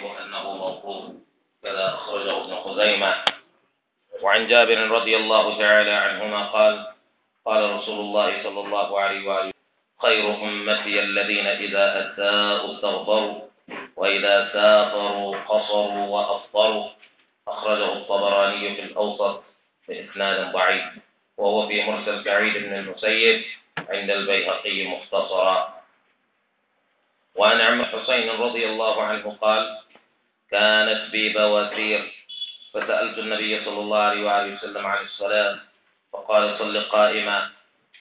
صحيح أنه موقوف كذا أخرجه ابن خزيمة وعن جابر رضي الله تعالى عنهما قال قال رسول الله صلى الله عليه وآله خير أمتي الذين إذا أساءوا استغفروا وإذا سافروا قصروا وأفطروا أخرجه الطبراني في الأوسط بإسناد ضعيف وهو في مرسل سعيد بن المسيب عند البيهقي مختصرا وعن عم حسين رضي الله عنه قال كانت ببواسير فسألت النبي صلى الله عليه وآله وسلم عن الصلاة فقال صل قائما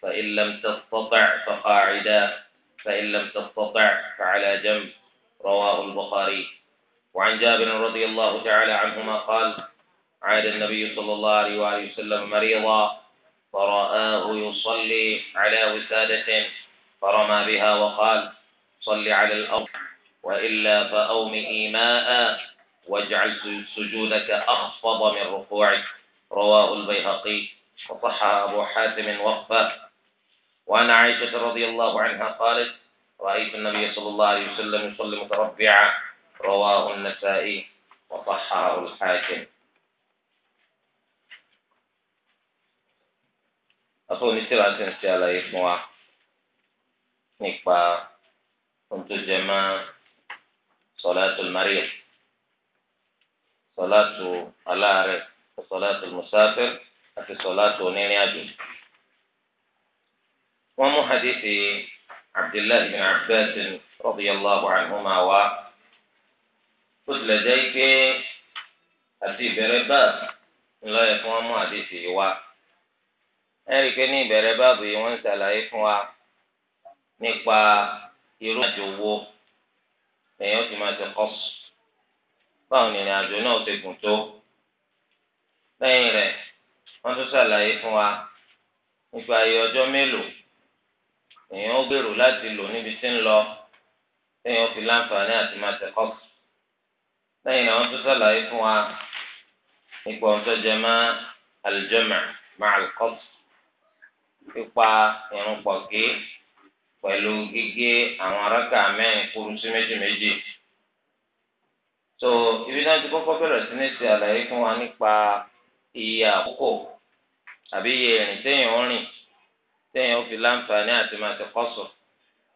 فإن لم تستطع فقاعدا فإن لم تستطع فعلى جنب رواه البخاري وعن جابر رضي الله تعالى عنهما قال عاد النبي صلى الله عليه وآله وسلم مريضا فرآه يصلي على وسادة فرمى بها وقال صل على الأرض وإلا فأومئي ماء واجعل سجودك أخفض من ركوعك رواه البيهقي وصح أبو حاتم وقفة وعن عائشة رضي الله عنها قالت رأيت النبي صلى الله عليه وسلم يصلي متربعا رواه النسائي وصححه الحاكم أقول نسير أن تنسي على إسمه نكبا كنت جماعة صلاة المريض صلاة العارف وصلاة المسافر وفي صلاة نينيابي ومن حديث عبد الله بن عباس رضي الله عنهما و قتل جيك أتي برباس لا يكون حديث و ẹ̀rí pé ní ìbẹ̀rẹ̀ báàbò yìí wọ́n ń ṣàlàyé fún wa nípa irú àjò wo lẹ́yìn ó ti máa ti kọ́sù báwo ni ìrìn àjò náà ti gùn tó lẹ́yìn rẹ̀ wọ́n tún ṣàlàyé fún wa nípa ayé ọjọ́ mélòó èèyàn ó gbèrò láti lò níbi tí ń lọ lẹ́yìn ó fi láǹfààní àti máa ti kọ́sù lẹ́yìn náà wọ́n tún ṣàlàyé fún wa nípa ọjọ́ jẹ mọ́ máa kọ́sù pípa ìrùn pọ̀ gé pẹ̀lú gígé àwọn rákà mẹ́rin kúrú sí méjì méjì. tó ibi náà ti kọ́kọ́ bẹ̀rẹ̀ sí ní ti àlàyé fún wa nípa iye àkókò àbí iye ìrìn téèyàn ń rìn téèyàn ó fi láǹfààní àti máa ti kọ́sọ̀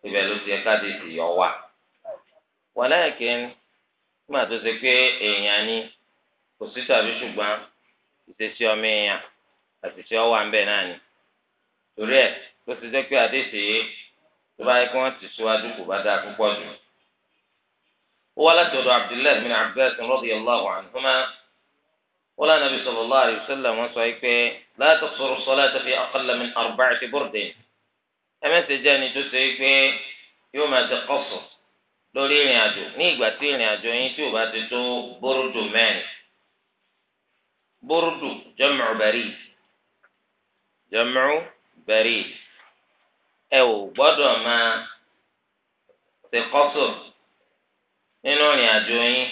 ibẹ̀ ló ti yẹ káàdì ìyọ̀ wà. wàláàkín nígbà tó ṣe pé èèyàn ni kò sí tàbí ṣùgbọ́n ìṣesí ọmọ èèyàn àti ìṣe ọwà ń náà ni. torí ẹ̀ tó ti jẹ́ pé àdéṣe yìí tó bá yẹ kí wọ́n ti síwájú kò bá dáa púpọ̀ jù. ó wá láti ọ̀dọ̀ abdullahi bin abbas radiyallahu anhuma wọ́n lánàá bí sallallahu alayhi wa sallam wọ́n sọ pé la taqsuru salata fi aqalla min arba'ati burdin ẹ̀mẹ́sẹ̀ jẹ́ ni tó ṣe pé yóò máa ṣe kọ́sù lórí ìrìn àjò ní ìgbà tí ìrìn àjò yín tí ò bá ti tó bórúdù mẹ́rin bórúdù jam'u barid jam'u barid. ẹ ò gbọ́dọ̀ máa ṣe kọsọ nínú ìrìn àjò yín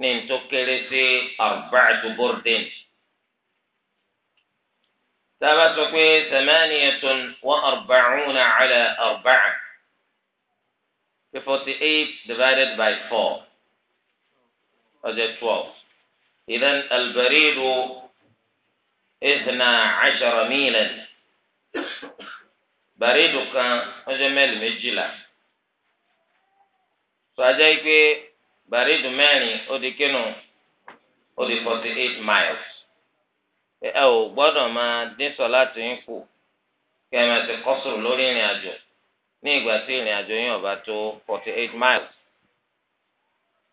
ní tó kéré sí arba'atu burdin. sábà tó pé sẹmẹ́ni samaniyatun wa arba'una ala arba'a forty eight divided by four ọjọ́ twelve. إذا البريد اثنا عشر ميلا baridu kan ọjọ́ mẹ́lì méjìlá tó ajá yìí pé bàrídù mẹ́rin ó di kínú ó di forty eight miles ẹ ò gbọ́dọ̀ máa dín sọ láti ń kù kí ẹ máa ti kọ́sùrù lórí ìrìn àjò ní ìgbà tí ìrìn miles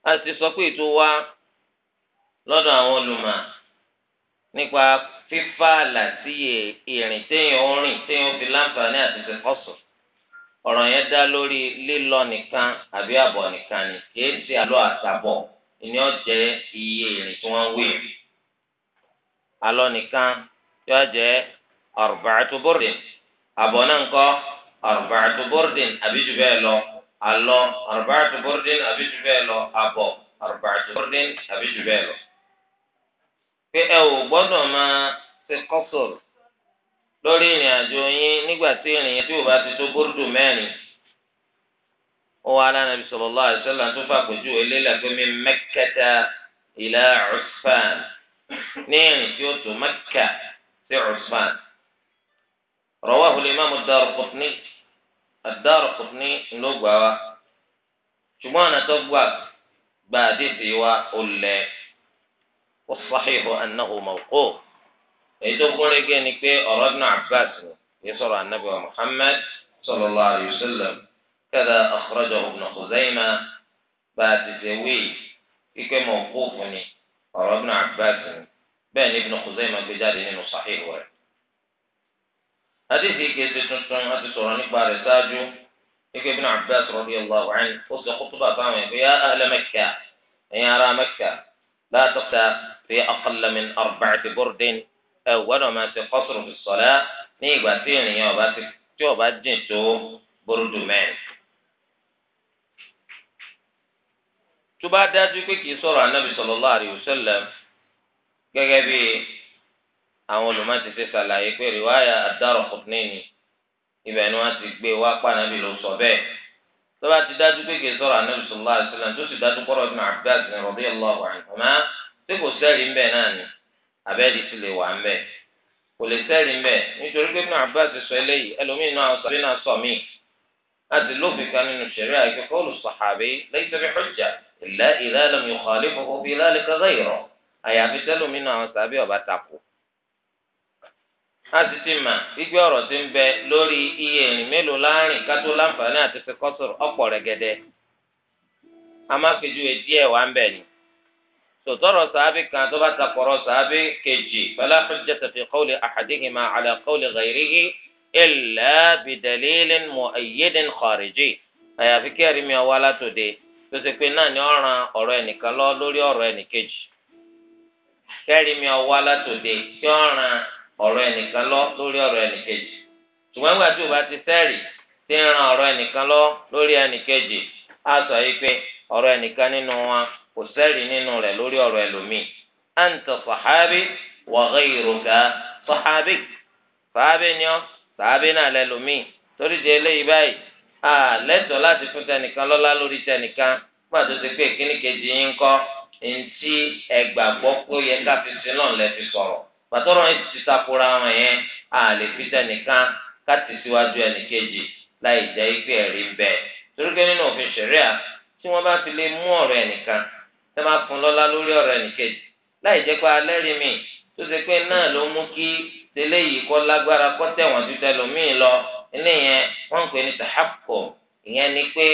a ti sọ pé ètò wa lọ́dọ̀ àwọn olùmọ̀ nípa fífà àlà sí ìrìn téèyàn ń rìn téèyàn fi láǹfààní àti ṣe kọ́sọ̀ ọ̀rọ̀ yẹn dá lórí lílọ nìkan àbí àbọ̀ nìkan ni kìí ṣe àlọ́ àtàbọ̀ ni ó jẹ́ iye ìrìn tí wọ́n ń wé àlọ́ nìkan yóò jẹ́ arba'atu burdin àbọ̀ náà ń kọ́ arba'atu burdin àbí jù bẹ́ẹ̀ lọ àlọ́ arba'atu burdin àbí jù bẹ́ẹ̀ lọ àbọ̀ arba'atu burdin àbí jù bẹ́ẹ̀ lọ pé ẹ ò gbọ́dọ̀ máa ṣe kọ́sọ̀rọ̀ lórí ìrìn àjò yín nígbà tí ìrìn yẹn tí ò bá ti tó bórúdù mẹ́rin ó wà lára nàbì sallallahu alaihi wasallam tó fàpèjú eléla pé mi mẹ́kẹ́ta ìlà Usfan ní ìrìn tí ó tó Mẹ́kà sí Usfan. رواه الإمام الدارقطني الدارقطني ló gbà wá ṣùgbọ́n ọ̀nà tó gbà gbà àdéhùn wa ó lẹ̀. والصحيح أنه موقوف إذا يتقول لك أردنا عباس يسر عن نبي محمد صلى الله عليه وسلم كذا أخرجه ابن خزيمة بعد زوي كيك موقوفني يعني أرى ابن عباس بين ابن خزيمة بجاري إنه صحيح ورد حديثي كيف تنسون أتي سوراني باري ساجو كيك ابن عباس رضي الله عنه وصل خطبة طامة يا أهل مكة يا أرى مكة لا تخشى في أقل من أربعة برد أول ما تقصر في الصلاة نيجا تيني يوبا تيوبا جنتو برد مين tuba dájú pé kìí sọ̀rọ̀ anabi sallallahu alayhi wa sallam gẹ́gẹ́ bí àwọn olùmọ̀tì ti ṣàlàyé pé rìwáyà ad-Daraqutni ibẹ̀ ni wọ́n ti gbé wá pànàbí ló sọ bẹ́ẹ̀ tọ́ba ti dájú pé kìí sọ̀rọ̀ anabi sallallahu alaihi wasallam tó sì dájú kọ́rọ̀ ibn Abbas ní radiyallahu anhuma tí kò sẹ́rì ń bẹ̀ náà ni abẹ́ẹ̀dì sì lè wà ń bẹ̀ kò lè sẹ́rì ń bẹ̀ nítorí pé ibn Abbas sọ eléyìí ẹlòmíín náà sọ náà sọ mí láti lófin kan nínú ṣẹ̀ríà àìkú qawlu sahabi laysa bi hujja illa a sì ti mà gbígbé ọ̀rọ̀ tí ń bẹ lórí iye ìrìn mélòó láàrin kátó láǹfààní àti fi kọ́sọ̀rọ̀ ọ̀pọ̀ rẹ̀gẹ̀dẹ̀ a má fi ju èdí ẹ̀ wá ń bẹ̀ ni. sòtọ́rọ̀ sàábì kan tó bá takọ̀rọ̀ sàábì kejì fala hujjata fi qawli ahadihima ala qawli ghayrihi illa bidalilin mu'ayyidin khariji. àyàfi kí mi ọwọ́ alátòde tó pé náà ni ọ̀ràn ọ̀rọ̀ ẹnìkan lọ lórí ọ̀rọ̀ ẹnìkejì. kẹ́rì mi ọwọ́ alátòde tí ọ̀ràn ọ̀rọ̀ ẹnìkan lọ lórí ọ̀rọ̀ ẹnìkejì ṣùgbọ́n nígbà tí o bá ti sẹ́rì tí ń ran ọ̀rọ̀ ẹnìkan lọ lórí ẹnìkejì á sọ yìí pé ọ̀rọ̀ ẹnìkan nínú wọn kò sẹ́rì nínú rẹ̀ lórí ọ̀rọ̀ ẹlòmíì anta sahabi wa ghayruka sahabi sahabi ni ọ́ sahabi náà lẹ́lòmíì torí di eléyìí báyìí a lẹ́tọ̀ọ́ láti fún tẹnìkan lọ́lá lórí tẹnìkan nígbà tó ti pé kíníkejì yín kọ́ ntí ẹgbàgbọ́ pé ó yẹ káfíńsì náà lẹ́ fi sọ̀rọ̀ pàtọ́rọ̀ yẹn ti takora wọn yẹn a lè fi tẹnìkan ká ti síwájú ẹnìkejì láì jẹ́ ipe ẹ̀rí ń bẹ torí pé nínú òfin ṣẹ̀ríà tí wọ́n bá fi lè mú ọ̀rọ̀ ẹnìkan tẹ́ máa fún lọ́lá lórí ọ̀rọ̀ ẹnìkejì láì jẹ́ pé alẹ́rìí mi tó ṣe pé náà ló mú kí tẹ́lẹ̀ yìí kọ́ lágbára kọ́ tẹ̀wọ̀n ju tẹlòmíì lọ eléyẹn wọ́n ń pè ní sàhápò ìyẹn ni pé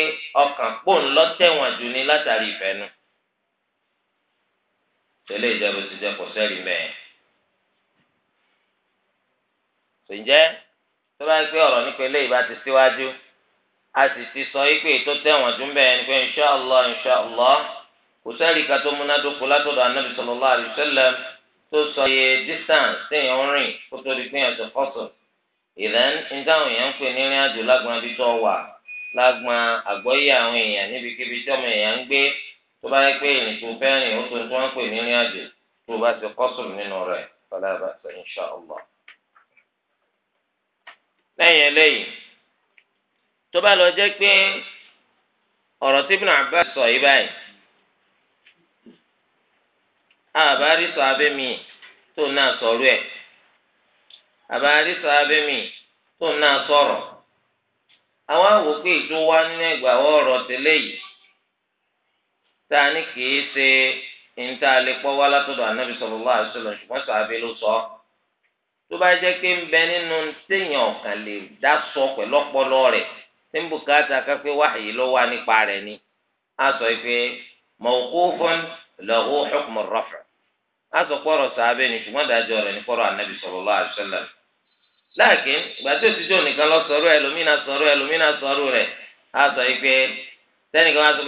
ọkàn pòun lọ tẹ̀wọ̀n ju ni látàrí ìfẹ́nu tẹ́lẹ̀ ìjẹ́bù ti jẹ́ kò sẹ́rìí mẹ́ẹ̀. je tó bá ń pẹ́ ọ̀rọ̀ nípa eléyìí bá ti síwájú a sì ti sọ ipe ètò tẹ̀wọ̀n jù bẹ́ẹ̀ ni pé insha Allah insha Allah kò sẹ́ẹ̀rì to tó múnádóko látọ̀dọ̀ anábì sallallahu alaihi to tó sọ iye distance téèyàn ń rìn kó tó di pé yẹn sọ fọ́sọ̀ ìlẹ́n ní táwọn èèyàn ń pè ní ìrìn àjò tó wà àwọn èèyàn níbikíbi tí ọmọ èèyàn ń gbé tó bá yẹ pé ìrìn tó fẹ́ lẹ́yìn eléyìí tó bá lọ jẹ́ pé ọ̀rọ̀ tí Ibn sọ yìí báyìí àbárí sọ tó náà sọ̀rọ̀ ẹ̀ àbárí sọ tó náà àwọn wá nínú ẹgbàá ọ̀rọ̀ tẹ́lẹ̀ yìí tá a ní kì í ṣe ní tá a lè wá tó bá jẹ́ pé ń bẹ nínú téèyàn ọ̀kan lè dá sọ pẹ̀lú ọpọlọ rẹ̀ tí ń bùkátà kápẹ́ wáyé lọ́wọ́ nípa rẹ̀ ni a sọ pé mawqufun lahu hukmu raf'a a sọ pọ̀rọ̀ sàábẹ́ ni ṣùgbọ́n dájọ́ rẹ̀ ní pọ̀rọ̀ anabi sallallahu alaihi wasallam láàkín ìgbà tí òtítọ́ nìkan lọ sọ̀rọ̀ ẹlòmínà sọ̀rọ̀ ẹlòmínà sọ̀rọ̀ rẹ̀ a sọ pé sẹ́nìkan wá sọ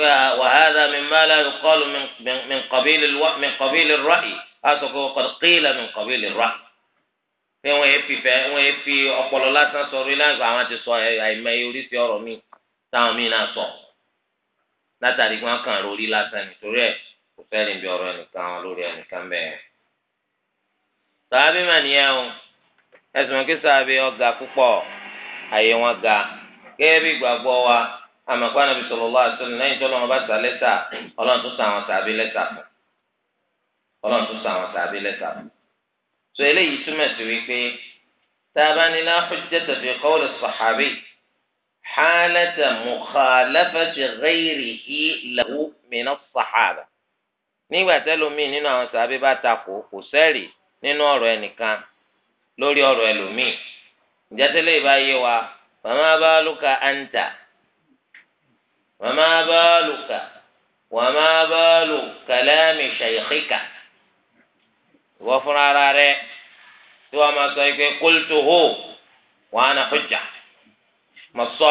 pé pé wọn èé fìfẹ́ wọn èé fi ọpọlọ lásán sọ rílẹǹsì àwọn ti sọ àìmọye oríṣi ọ̀rọ̀ mi táwọn míì náà sọ látàrí wọn kàn lórí lásán nítorí ẹ kò fẹ́ rìn bí ẹnìkan lórí ẹnìkan bẹ́ẹ̀. sàábì o ẹsùn kí sàábì ọ̀gá púpọ̀ àyè wọn ga gẹ́gẹ́ bí ìgbàgbọ́ wa àmọ̀pá ta lẹ́tà ọlọ́run tó sàwọn sàábì lẹ́tà fún ọlọ́run tó sàwọn sàábì sọ eléyìí túmọ̀ sí wípé tá a bá ní la hujjata fi qawl as-sahabi halata mukhalafati ghayrihi lahu min as-sahaba nígbà tẹ́lómìn nínú àwọn sàbí bá takò kò sẹ́rì nínú ọ̀rọ̀ ẹnìkan lórí ọ̀rọ̀ ẹlòmíì ìjátẹ́lẹ̀ ìbá wa màmá bá lùkà àǹtà màmá bá lùkà wàmá bá lùkà láàmì ṣàyẹ̀kíkà ìwọ fúnra ara rẹ̀ tí wọ́n máa sọ pé kólító hó wọn á na hujja mọ sọ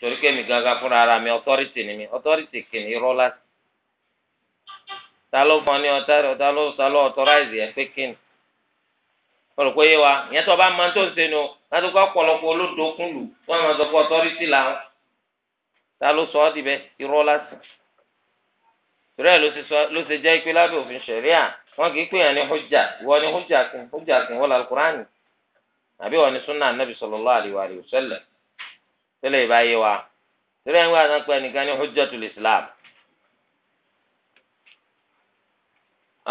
torí pé mi gangan fúnra ara mi ọtọ́rìtì ni mi ọtọ́rìtì kìíní irọ́ láti ta ló fọ ní ọtá rẹ ọtá ló sọ ọtọ́ráìzì ẹ pé kíni wọ́n rò pé yé wa ìyẹn tó bá máa tó ń sẹ́nu láti kọ́ ọ̀pọ̀lọpọ̀ olódò kún lù wọ́n máa sọ pé ọtọ́rìtì làwọn ta ló sọ ọ́ dìbẹ́ irọ́ láti. ìrẹ́ ló ṣe jẹ́ ìpínlẹ̀ abẹ́ òfin ṣẹ̀ríà wọn kì í pè yàn ní hujja ìwọ ni hujja wọn ni hujja kìn wọlé alukurani àbí wọn ni sunna anabi sallallahu alayhi wa alihi sẹlẹ sallam tẹ́lẹ̀ ìbá yé wa tẹ́lẹ̀ ìwé àti pẹ nìkan ní hujja hujjatul islam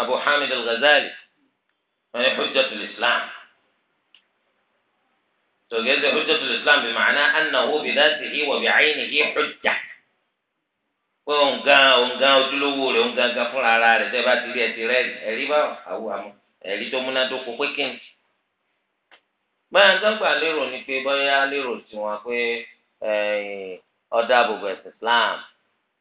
abu hamid al-ghazali wọn ni hujja tu hujjatul islam tògẹ́sẹ̀ hujjatul islam bí ma'ana annahu bi dhatihi wa bi ní 'aynihi hujja. pé ònkan ònkan ojúlówó rẹ̀ ònkan gan fúnra ara rẹ̀ tẹ́ bá ti rí ẹtì rẹ̀ ẹ̀rí bá àwọ̀ àmọ́ ẹ̀rí tó múnádóko pé kí ni. báyà ń dọ́gba lérò ni pé bóyá lérò tiwọn pé eh, ọ̀dà àbùbù ẹ̀sìn Islam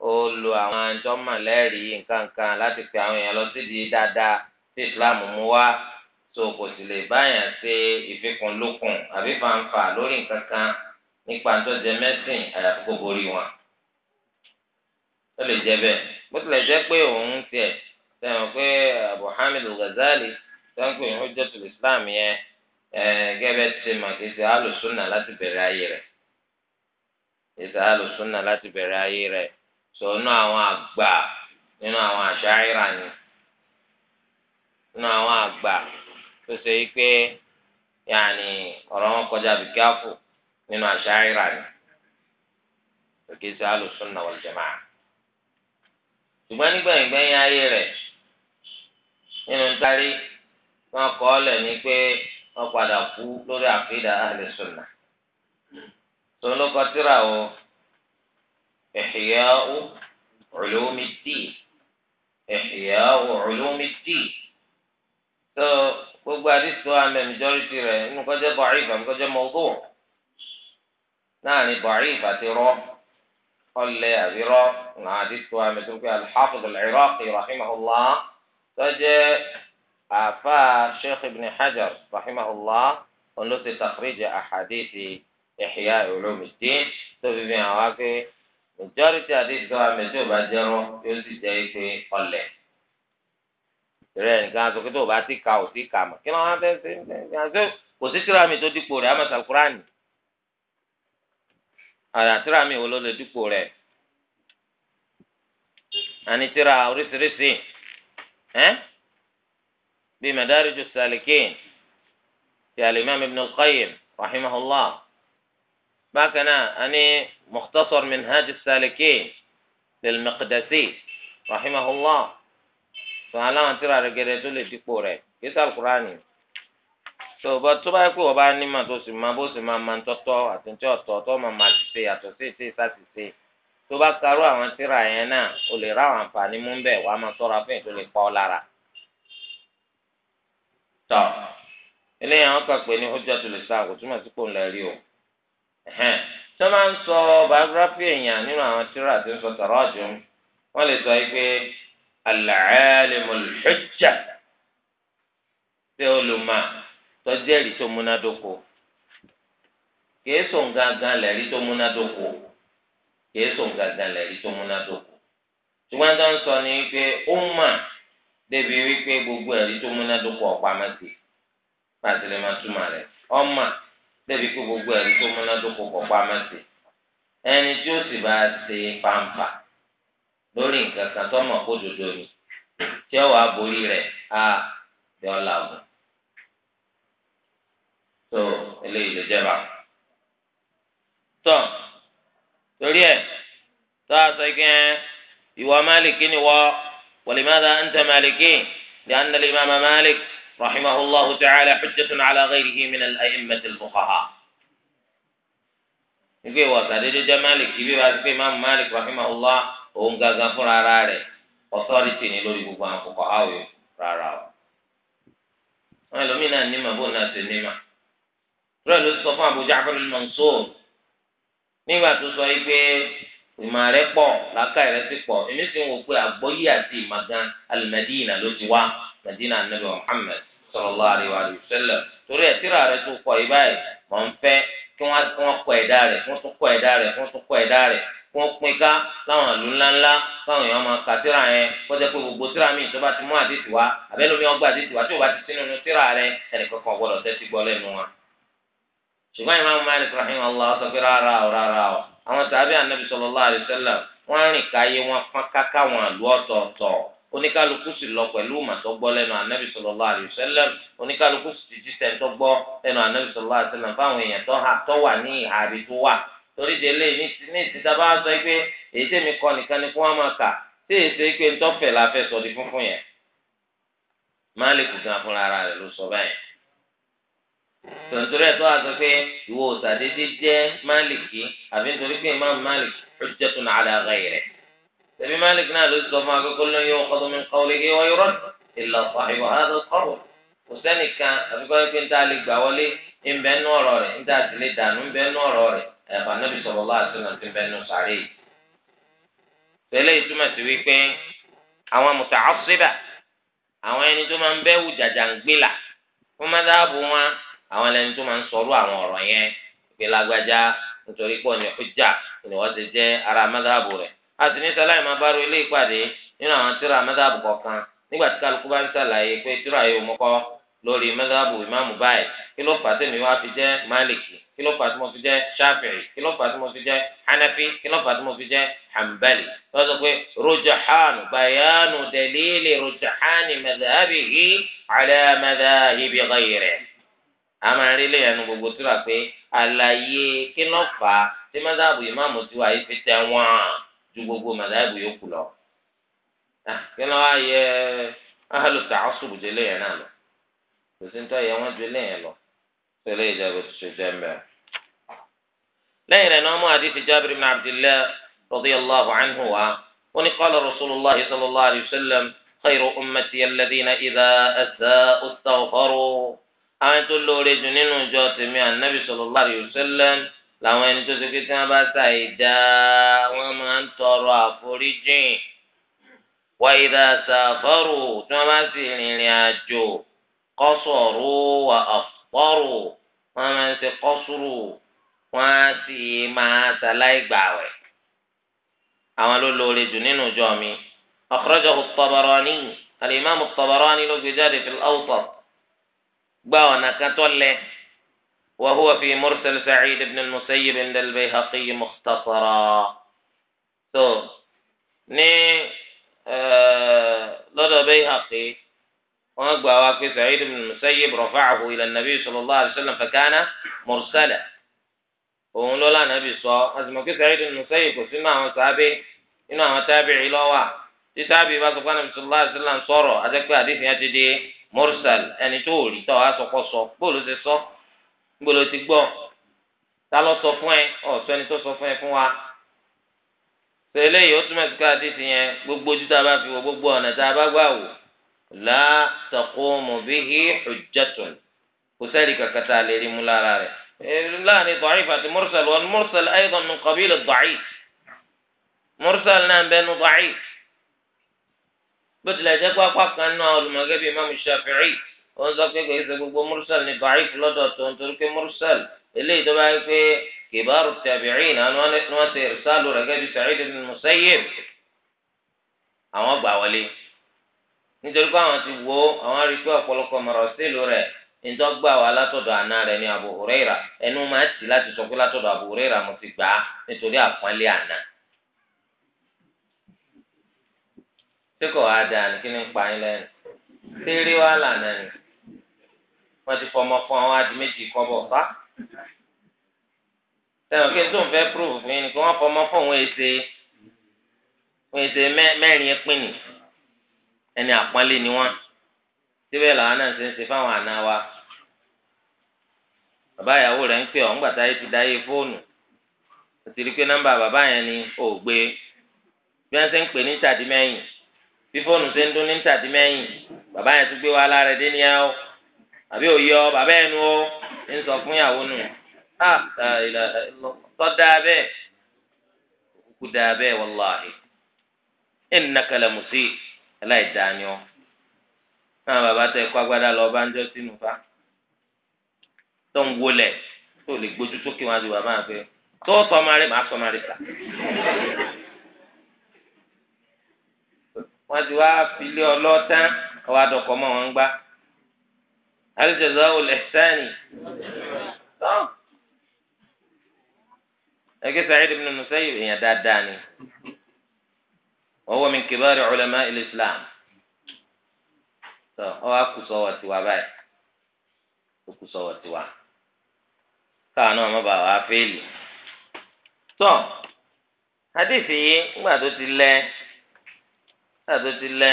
ó lo àwọn àjọmọ̀ lẹ́rìí nǹkan kan láti fi àwọn èèyàn lọ sídìí dáadáa tí Islam mú wá so kò sì lè báyàn ṣe ìfikùnlukùn àbí fanfa lórí nǹkan kan nípa tó jẹ mẹ́sìn àyàfi kò borí wọn. ó lè jẹ bẹ́ẹ̀ bó tilẹ̀ jẹ́ pé òun tiẹ̀ sẹ́wọ̀n pé Abu Hamid al-Ghazali sẹ́ńkù yìí Hujjatul Islam yẹn gẹ́gẹ́ ti mà kì alùsùnà láti bẹ̀rẹ̀ ayé rẹ̀ kì alùsùnà láti bẹ̀rẹ̀ ayé rẹ̀ sọ̀nù àwọn àgbà nínú àwọn àṣàyíra ni nínú ṣùgbọ́n nígbẹ̀yìngbẹ̀yìn ayé rẹ̀ nínú ntarí wọn kọ́ ọ lẹ̀ ní pé wọn padà kú lórí àkídà ahli sunnah tòun ló kọ tírà o Ihya'u Ulumiddin Ihya'u Ulumiddin tó gbogbo àdìsọ àmì majority rẹ̀ nínú kọjá bọ̀ọ̀rì ìfà kọjá mawdu' náà ni bọ̀ọ̀rì ìfà ti rọ́. قال لي عذرا نعدت وامتوك الحافظ العراقي رحمه الله فجاء أفا شيخ ابن حجر رحمه الله ونلت تخريج أحاديث إحياء علوم الدين سبب عواقي من جارة حديث وامتوك بجروا يلت جايته قال لي رأيك أنت كتب باتي كاو تي كاما كما أنت كتب باتي كاو تي كاما كما أنت كتب باتي كاو تي كاما àdàtúrà mi wo ló lè dúpọ̀ rẹ̀ ànitìrà oríṣiríṣi ẹ bí madari ju Salikin ti al-Imam Ibn al-Qayyim rahimahullah bákan náà àní Mukhtasar Minhaj as-Salikin lil-Maqdisi rahimahullah sọ aláwọn tírà rẹ̀ gẹ́gẹ́ tó lè dúpọ̀ rẹ̀ kí sàlùkùránì. tó bá tó bá yẹ pé wọ́n bá ní mà tó sì máa bó sì máa máa ń tọ́tọ́ àtúntí ọ̀tọ̀ tó máa máa ti ṣe yàtọ̀ sí ètè ìsàtìṣe tó bá karú àwọn tíra yẹn náà o lè rá àwọn àǹfààní mú bẹ́ẹ̀ wàá máa tọ́ra fún ètò lè pa ọ́ lára. tọ́ eléyìí àwọn kan pè ní hujjatul islam kò túmọ̀ sí kò ń lẹ o. tó máa ń sọ biography èèyàn nínú àwọn tíra tó ń sọ tarajum wọ́n lè sọ pé al-alimul hujja tẹ́ olùmọ̀ tọ́jú ẹ̀rí tó múnádóko kìí sùn gangan lẹ́rí tó múnádóko kìí sùn gangan lẹ́rí tó múnádóko ṣùgbọ́n tó ń sọ ni wípé ó ń mà débi wípé gbogbo ẹ̀rí tó múnádóko ọ̀pá mẹ́tì pàtẹ́lẹ́ máa túmọ̀ rẹ̀ ó ń mà débi pé gbogbo ẹ̀rí tó múnádóko ọ̀pá mẹ́tì ẹni tí ó sì bá ṣe pàǹpà lórí nǹkan kan tó mọ̀ kó dodo ni tí ó wàá borí rẹ̀ á yọ ọ́ làwọn. tó eléyìí lè jẹba tó torí ẹ tó a sọ kí ẹ ìwọ Málìkì ni wọ wàlímàdà ẹntẹ Málìkì ní anàlẹ ìmàmà Málìkì rahimahullahu ta'ala xujjatun ala ghayrihi min al-a'immati al-fuqaha nígbà ìwọ sàdédé jẹ Málìkì bí wàá pé ìmàmà Málìkì rahimahullah òun gangan fúnra ara rẹ̀ ọtọrìtì ní lórí gbogbo àwọn fuqaha nigba iwo sadede je maliki bi waa sọ imama maliki rahimahullah oun gangan funra ara re otoriti ni lori gbogbo awon fuqaha rara o wọn lómìnira ní màbó náà ti ní màá. rẹ̀ ló sọ fún Abu Ja'far al-Mansur nígbà tó sọ yìí pé ìmọ̀ rẹ̀ pọ̀ làákà rẹ̀ sì pọ̀ èmi sì ń wò pé àgbọ́yé àti ìmọ̀gán al-Madina ló ti wá Madina anabi Muhammad sallallahu alaihi wa sallam torí ẹ̀ tíra rẹ̀ tó kọ ibáyìí mọ̀ ń fẹ́ kí wọ́n kọ ẹ̀dá rẹ̀ kí wọ́n tún kọ ẹ̀dá rẹ̀ kí wọ́n tún kọ ẹ̀dá rẹ̀ kí wọ́n pín ká láwọn ìlú ńláńlá káwọn èèyàn máa ka tíra yẹn kó pé gbogbo tíra míì tó ti mú àdìsí àbẹ́lómi ọgbà àdìsí tí ò bá ti sínú tíra rẹ̀ ẹnì ṣùgbọ́n ìmáàmù Malik rahim allah sọ pé rárá o rárá o àwọn tàbí anabi sallallahu alaihi wasallam wọ́n rìn káyé wọn fọ́n káká wọn àlù ọ̀tọ̀ọ̀tọ̀ oníkálukú sì lọ pẹ̀lú màtọ́gbọ́ lẹ́nu anabi sallallahu alaihi wasallam oníkálukú sì ti jí sẹ́ńtọ́gbọ́ lẹ́nu anabi fáwọn èèyàn wà ní tó wà torí délé ní sọ pé èyí nìkan ni máa kà tí Malik tòǹtòrí ẹ̀ a wà sọ pé ìwọ òsàdédé jẹ́ máàlìkì àbí nítorí pé ìmáà máàlìkì hujjatun ala ghayrihi. tẹ̀mí máàlìkì náà ló sọ fún akókó lóyún ọkọ̀tún mi qawlihi wa yurad illa sahiba hadha al-qawl. kò sẹ́nìkan àfikọ́ pé ń tá a lè gbà wọlé ń bẹ́ ọ̀rọ̀ rẹ̀ dànù ọ̀rọ̀ rẹ̀ ẹ̀fà àwọn ẹlẹ́ni tó máa ń sọrú àwọn ọ̀rọ̀ yẹn pé lágbájá nítorí pọ̀ ní ọjà ni wọ́n ti jẹ́ ara mẹ́tàbù rẹ̀ a sì ní sáláì máa bá ro ilé ìpàdé nínú àwọn tíra mẹ́tàbù kọ̀ọ̀kan nígbà tí kálukú bá ń sàlàyé pé tíra yóò mọ́kọ́ lórí mẹ́tàbù ìmáàmù báyìí kí ló bayanu dalili a máa rí lẹ́yìn ẹnu gbogbo tó rà pé pé àlàyé kí ló fà á tí mọ́tàbù ìmáàmù tí wà yìí fi tẹ̀ wọ́n ju gbogbo mọ́tàbù yòókù lọ. kí ló wá yẹ ahàlùtà ọ̀ṣùbù ju lẹ́yìn náà lọ kò sí tọ́ yẹ wọ́n ju lẹ́yìn lọ tó eléyìí jẹ́ bó ti ṣe jẹ́ mẹ́rin. lẹ́yìn rẹ̀ náà mú àdìsí jábìrì ibn Abdillah radiyallahu anhu wa wọ́n ní qala rasulullah sallallahu alayhi wa sallam khayru ummati alladhina àwọn tó lóore jù nínú ìjọ tèmi ànábì sallallahu alaihi wasallam làwọn ẹni tó ṣe pé tí wọn bá ṣà ìdá wọn máa ń tọrọ àforíjìn wa idha safaru tí wọn bá sì rìnrìn àjò qasaru wa aftaru wọn máa ń ṣe qasru wọn á sì máa ṣàlàyé àwọn ló lóore jù nínú ìjọ mi akhrajahu at-Tabarani al-imam at-Tabarani ló gbé jáde fil-Awsat. gba ọ̀nà kan tó lẹ wa huwa fi mursal sa'id ibn al-musayyib inda al-bayhaqi mukhtasara tó ní lọ́dọ̀ bayhaqi wọ́n gba wa pé sa'id ibn al-musayyib rafa'ahu ila nabi sallallahu alayhi wa sallam fakana mursala òun ló lánàá bì sọ wọ́n sì mọ̀ pé sa'id ibn al-musayyib kò sínú àwọn sábẹ́ inú àwọn tábìrì lọ́wọ́ tí tábìrì bá sọ fún anabi sallallahu alayhi wa sallam sọ̀rọ̀ àti pé àdéhùn yẹn ti di. mursal ẹni tó ò rí tọ́ asọ̀kọ́sọ bóòlù ṣe sọ gbọ́dọ̀ ti gbọ́ ta ló sọ fún ẹ ọ̀sọ́ ẹni tó sọ fún ẹ fún wa sọ eléyìí ó túmọ̀ sí ká àdìsí yẹn gbogbo ojú tá a bá fi wo gbogbo ọ̀nà tá a bá gbà wò la taqumu bihi hujjatun kò sẹ́ẹ̀lì kankan tá a lè rí mú lára rẹ̀ láàrin da'if àti mursal wọn mursal aydan min qabil ad-da'if mursal náà bẹ́ẹ̀ nu da'if bó tilẹ̀ jẹ́ pé apá kan náà olùmọ̀gẹ́ bíi imáàmù Shafi'i ó ń sọ pé kò ṣe gbogbo mursal ní da'if lọ́dọ̀ tó ń torí pé mursal eléyìí tó bá yẹ pé kibaru tabi'in náà ni wọ́n ti irsalu rẹ̀ gẹ́gẹ́ bíi Sa'id ibn Musayyib àwọn gbà wọlé nítorí pé àwọn ti wo àwọn rí pé ọ̀pọ̀lọpọ̀ marasilu rẹ̀ níjọ́ gbà wá látọ̀dọ̀ àná rẹ̀ ní Abu Huraira ẹnu máa ti láti sọ pé látọ̀dọ̀ Abu Huraira mo ti gbà á nítorí àpọ́nlé àná tí kò wá dáa ní kí ni ń pa yín lẹ́nu tẹ́rẹ́ wá lànà ni wọ́n ti fọmọ fún àwọn adi méjì kọ́ bọ̀ fá kí n tó ń fẹ́ fún yín ni kí wọ́n fọmọ fún òun èsè òun èsè mẹ́rin pín ní ẹni àpọ́nlé ni wọ́n síbẹ̀ làwọn náà ṣe ń ṣe fáwọn àna wa bàbá ìyàwó rẹ̀ ń pè ọ́ ńgbà táyé ti dáyé fóònù ó ti rí pé nọ́mbà bàbá yẹn ni ò gbé bí wọ́n ṣe ń pè ní tàdí mẹ́yìn bí fóònù ṣe ń dún ní tàdí mẹ́yìn bàbá yẹn tún gbé wa lára ẹdín yẹn o àbí òye ọ bàbá yẹn nu o ń sọ fún ìyàwó nù tọ́da bẹ́ẹ̀ kúkú da bẹ́ẹ̀ wàláhì innaka la musi aláìdáni ọ náà bàbá tẹ kó agbádá lọ bá ń jọ sínú fa tó ń wọlé tó lè gbójú sókè wọn àti bàbá àfẹ tó sọmarí màá sọmarí ta wọ́n ti wá filé ọlọ́tán ọwọ́ àdọ̀kọ́ mọ́ wọn gbá alìjọba olùsẹ́ni tó ẹgbẹ́ Sa'id ibn Musayyib èèyàn dáadáa ni wọ́n min kibari ulama al-Islam tó ọwọ́ akùsọ̀wọ̀ tiwa báyìí akùsọ̀wọ̀ tiwa káwọn náà má bàa wá fẹ́ẹ̀lì tó hadith yìí ńgbà tó ti lẹ́ẹ̀ tó ti lẹ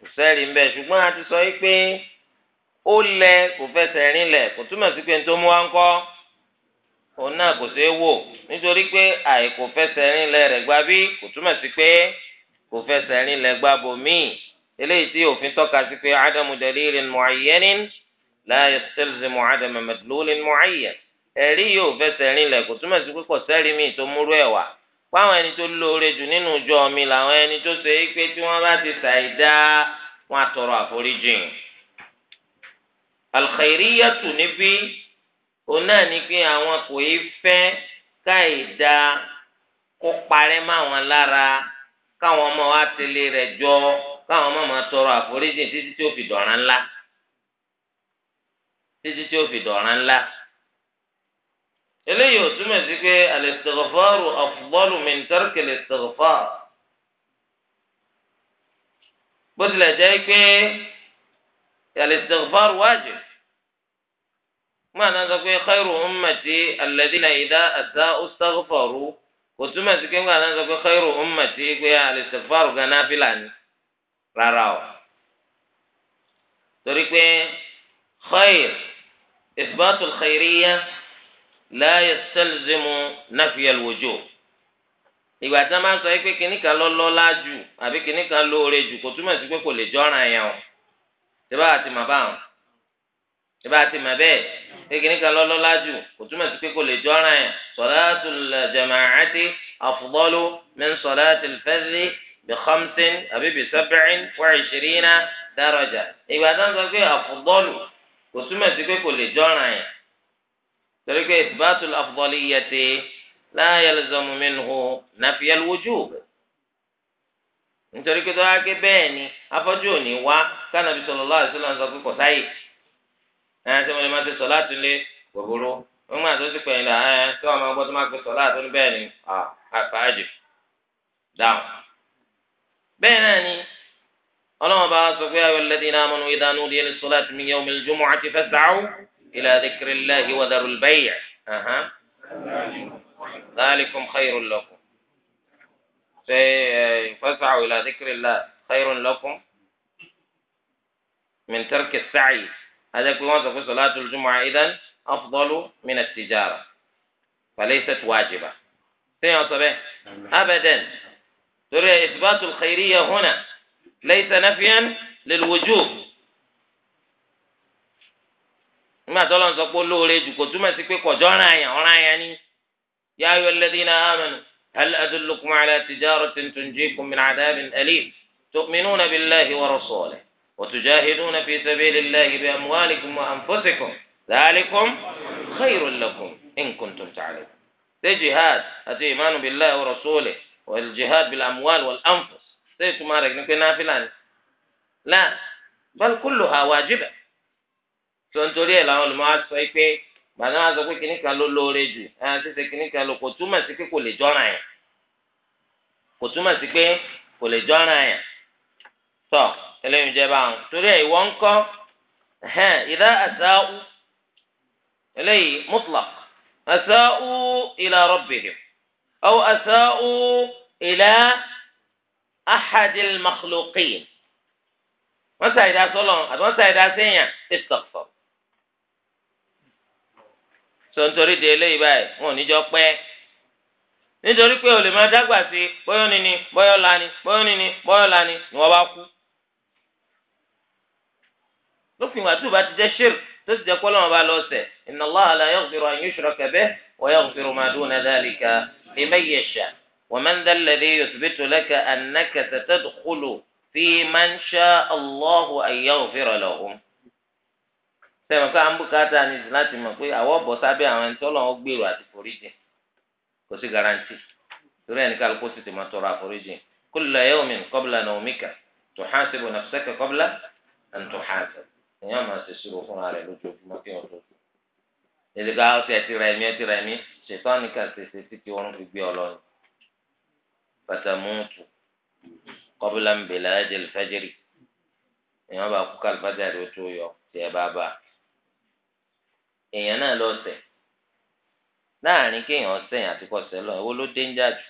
kò sẹ́rìí ń bẹ̀ ṣùgbọ́n a ti sọ yìí pé ó lẹ kò fẹsẹ̀ rìn lẹ̀ kò túmọ̀ sí pé n tó mú wa ń kọ́ òun náà kò ṣeé wò nítorí pé àìkò fẹsẹ̀ rìn lẹ̀ rẹ̀ gbá bí kò túmọ̀ sí pé kò fẹsẹ̀ rìn lẹ̀ gbá bòmíì eléyìí tí òfin tọ́ka sí pé ádámù dalilin mu'ayyanin la yastalzimu ádámù madlulin mu'ayyan ẹ̀rí yóò fẹsẹ̀ rìn lẹ̀ kò túmọ̀ sí pé kò sẹ́rìí míì tó múrú ẹ̀ wá fáwọn ẹni tó lóore jù nínú ìjọ mi làwọn ẹni tó ṣe é pé tí wọ́n bá ti ṣàìdá wọn àtọrọ àforíjìn. alkhairiyatu níbí òun náà ní pé àwọn kò í fẹ́ káìdá kó parẹ́ máwọn lára káwọn ọmọ wa tẹ̀lé rẹ̀ jọ káwọn ọmọ máa tọrọ àforíjìn títí tí ó fi dọ̀ràn ńlá títí tí ó fi dọ̀ràn ńlá. eléyìí ò túmọ̀ sí pé al-istighfaru afdalu min tarki al-istighfar bó tilẹ̀ jẹ́ pé mú wajib sọ sọ pé khayru ummati alladhina idha asa'u istaghfaru kò túmọ̀ sí pé ana sọ pé khayru ummati pé al-istighfar gan fila ni rárá o torí pé khayr ifoto khayriyya. la yastalzimu nafiyal wujub ìgbà tí a máa sọ yìí pé kìnnì kan lọ́lọ́lá jù àbí kìnnì kan lóore jù kò túmọ̀ sí pé kò lè jọ́ràn yẹn o ṣébà àti màbá o ṣébà àti màbẹ́ pé kìnnì kan lọ́lọ́lá jù kò túmọ̀ sí pé kò lè jọ́ràn yẹn salatul jama'ati afdalu min salatil fardhi bi khamsin àbí bi sab'in wa ishrina torí pé ìtìbátùl afdaliyyati la yalzamu minhu nafiyal wujub nítorí pé tọ́wá ké bẹ́ẹ̀ ni afọ́jú ò ní wá kánàbí sallallahu alaihi wasallam sọ pé kò sáyè ẹ̀ ẹ́ tí wọ́n lè máa ti sọ láti lé gbogbo wọ́n máa tó ti pẹ̀yìn là ẹ̀ tí wọ́n máa gbọ́ tó máa gbé sọ láti ní bẹ́ẹ̀ ni àpáàjì dáhùn. bẹ́ẹ̀ náà ni ọlọ́wọ́n bá sọ pé ayọ̀ alladhina amanu idha إلى ذكر الله وذر البيع أها ذلكم خير لكم فاسعوا إلى ذكر الله خير لكم من ترك السعي هذا كل ما صلاة الجمعة إذا أفضل من التجارة فليست واجبة أبدا ترى إثبات الخيرية هنا ليس نفيا للوجوب nígbà tó lọ́n sọ pé olóore jù kò túmọ̀ sí pé kọjọ́ ọ̀ràn àyàn ọ̀ràn àyàn ni yā ayyuhal ladhīna āmanū hal adullukum ʿalā tijāratin tunjīkum min ʿadhābin alīm tuʾminūna billāhi wa rasūlihi wa tujāhidūna fī sabīlillāhi bi ẹlẹ́ tó anfusikum dhālikum khayrun lakum in kuntum taʿlamūn. ṣé jihad àti ìmánu billāhi wa rasūlihi wal jihad bil amwāl wal anfus tó ń torí ẹ̀ làwọn olùmọ̀ á sọ pé gbàdá wa sọ pé kìnnì kan ló lóore jù ẹ̀ ṣẹṣẹ kìnnì kan ló kò túmọ̀ sí pé kò lè jọ́ràn yẹn kò túmọ̀ sí pé kò lè jọ́ràn yẹn tọ́ eléyìí jẹ́ báwọn torí ẹ̀ ìwọ ń kọ́ ìdá àṣàwù eléyìí mutlaq àṣàwù ila rabbihim aw àṣàwù ila ahadil makhluqin wọ́n ṣàìdá sọ́lọ̀ àti wọ́n ṣàìdá sẹ́yìn istighfar tó ń torí de eléyìí báyìí wọn ò ní jọ pẹ́ nítorí pé o lè máa dágbà sí bóyá nínú bóyá ọ̀la ni bóyá nínú bóyá ọ̀la ni ni wọ́n bá kú. lófin wàá tó bá ti jẹ́ ṣírù tó ti jẹ́ kọ́ lọ́wọ́ bá lọ sẹ̀ inna Allaha la yaghfiru an yushraka bihi wa yaghfiru ma duna dhalika liman yasha wa man dha alladhi yuthbitu laka annaka satadkhulu fi man sha'a Allahu an yaghfira lahum sẹ́wọ̀n ká ń bùkátà ní ìdí láti mọ̀ pé àwọ̀ bọ̀ sábẹ́ àwọn ẹni tọ́lọ̀ ń gbèrò àti foríjì kò sí garanti torí ẹni kálukú sì ti máa tọrọ àforíjì kulla yawmin qabla nawmika tuhasibu nafsaka qabla an tuhasab èèyàn máa ṣe ṣírò fúnra rẹ̀ lójoojúmọ́ kí wọ́n tó tó ìdíkà ọ̀sẹ̀ ti rẹ̀ mí ti rẹ̀ mí ṣètò nìkan ṣèṣe títí oorun fi gbé ọ lọ fatamutu qabla bilajil fajri èèyàn bá kú kálífàjà rẹ̀ tó yọ tiẹ̀ bá bá a. èèyàn náà lọ ṣẹ̀ láàrin kéèyàn ṣẹ̀yìn àti kọsẹ̀ lọ èwo ló dénjà jù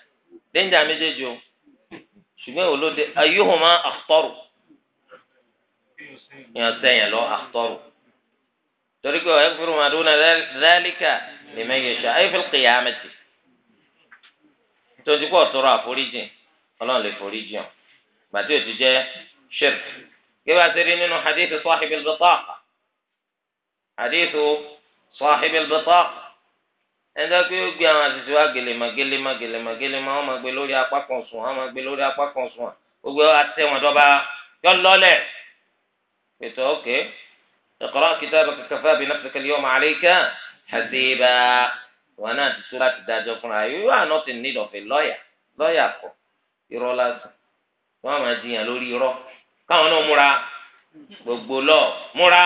dénjà méjèèjì o ṣùgbọ́n èwo ló dé ayéhùnmá àtọ́rù èèyàn ṣẹ̀yìn lọ àtọ́rù torí pé ọ̀ ẹ́fúrú màdúnà rẹ́líkà lè mẹ́yẹ̀ ṣá ayéfẹ́lẹ́ kìyàmẹ́tì tó ti kọ́ ọ̀tọ́rọ̀ àforíjìn ọlọ́run lè foríjìn ọ̀ gbàtí òtún jẹ́ ṣẹ́ẹ̀kì kí ṣe rí nínú hadith صاحب البطاقة. ẹnjẹ́ pé ó gbé àwọn àṣìṣe wa gèlèmọ̀ gèlèmọ̀ gèlèmọ̀ gèlèmọ̀ wọ́n máa gbé lórí apá kan sùn wọ́n máa gbé lórí apá kan sùn gbogbo àtẹ wọn dọ́ba yọ lọ́lẹ̀ pètè ókè ìkọ́rọ́ kìtàbà kàkàfà bìnnà pẹ̀lú yọmọ àlẹ́kà hasiba wọn náà ti tó láti dájọ́ fúnra you are not in need of a lawyer lawyer kọ irọ́ lásán wọ́n máa jiyàn lórí irọ́ káwọn náà múra gbogbo lọ múra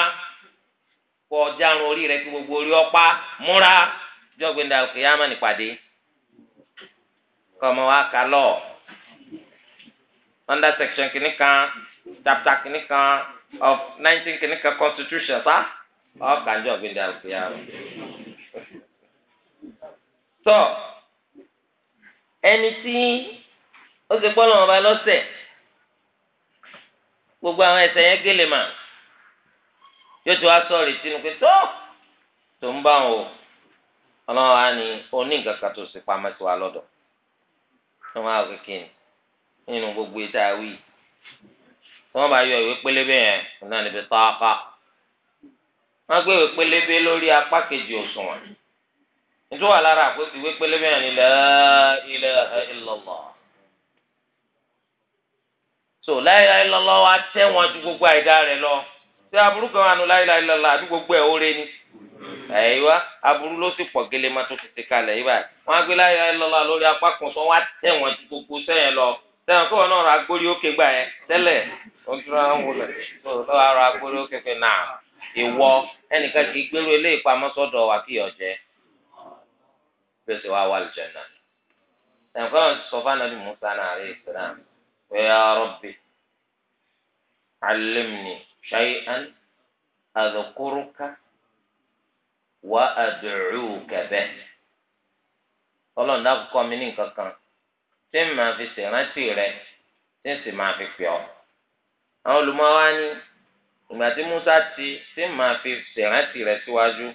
kọ ọjàrún orí rẹ kí gbogbo orí ọpá múra jọgbìndà kìyàmà nípàdé kọmọ wa kà lọ under section kan chapter kìnnìkan of nineteen kìnnìkan constitution sa ọkà jọgbìndà kìyàmà tọ ẹni tí ó ti gbọ́ lọ́wọ́ ba lọ́sẹ̀ gbogbo àwọn ẹsẹ̀ yẹn gélé mà yóò tó wá sọ̀rọ̀ ìtinú pé tó tó ń bá wọn o ọlọ́run á ní oní nǹkan kan tó sì pamọ́ sí wa lọ́dọ̀ tó máa wọ kékeré nínú gbogbo ètò àwí tí wọ́n bá yọ ìwé pélébé yẹn náà níbi tọ́ka wọ́n gbé ìwé pélébé lórí apá kejì òṣùwọ̀n nítorí wà lára ìwé pélébé yẹn ni la ilaha so la ilaha illallah wa tẹ́ wọn ju gbogbo àìdá rẹ lọ. ṣé aburú kan wà nù láìláì lọ́la àbí gbogbo ẹ̀ ó rẹ ni ẹ̀yíwá aburú ló sì pọ̀ gẹ́lẹ́ má tó fi kalẹ̀ yìí báyìí wọ́n á gbé láìláì lọ́la lórí apá kan sọ wá ju gbogbo sẹ́yìn lọ sẹ́yìn kó náà ra agbórí òkè gbà yẹn tẹ́lẹ̀ musa na شيئا أذكرك وأدعوك به ọlọ́run dákú kọ́ mi ní nǹkan kan tí n máa fi ṣèrántí rẹ tí n sì máa fi pè ọ́. àwọn olùmọ̀wá ní ìgbà tí Musa ti tí n máa fi ṣèrántí rẹ síwájú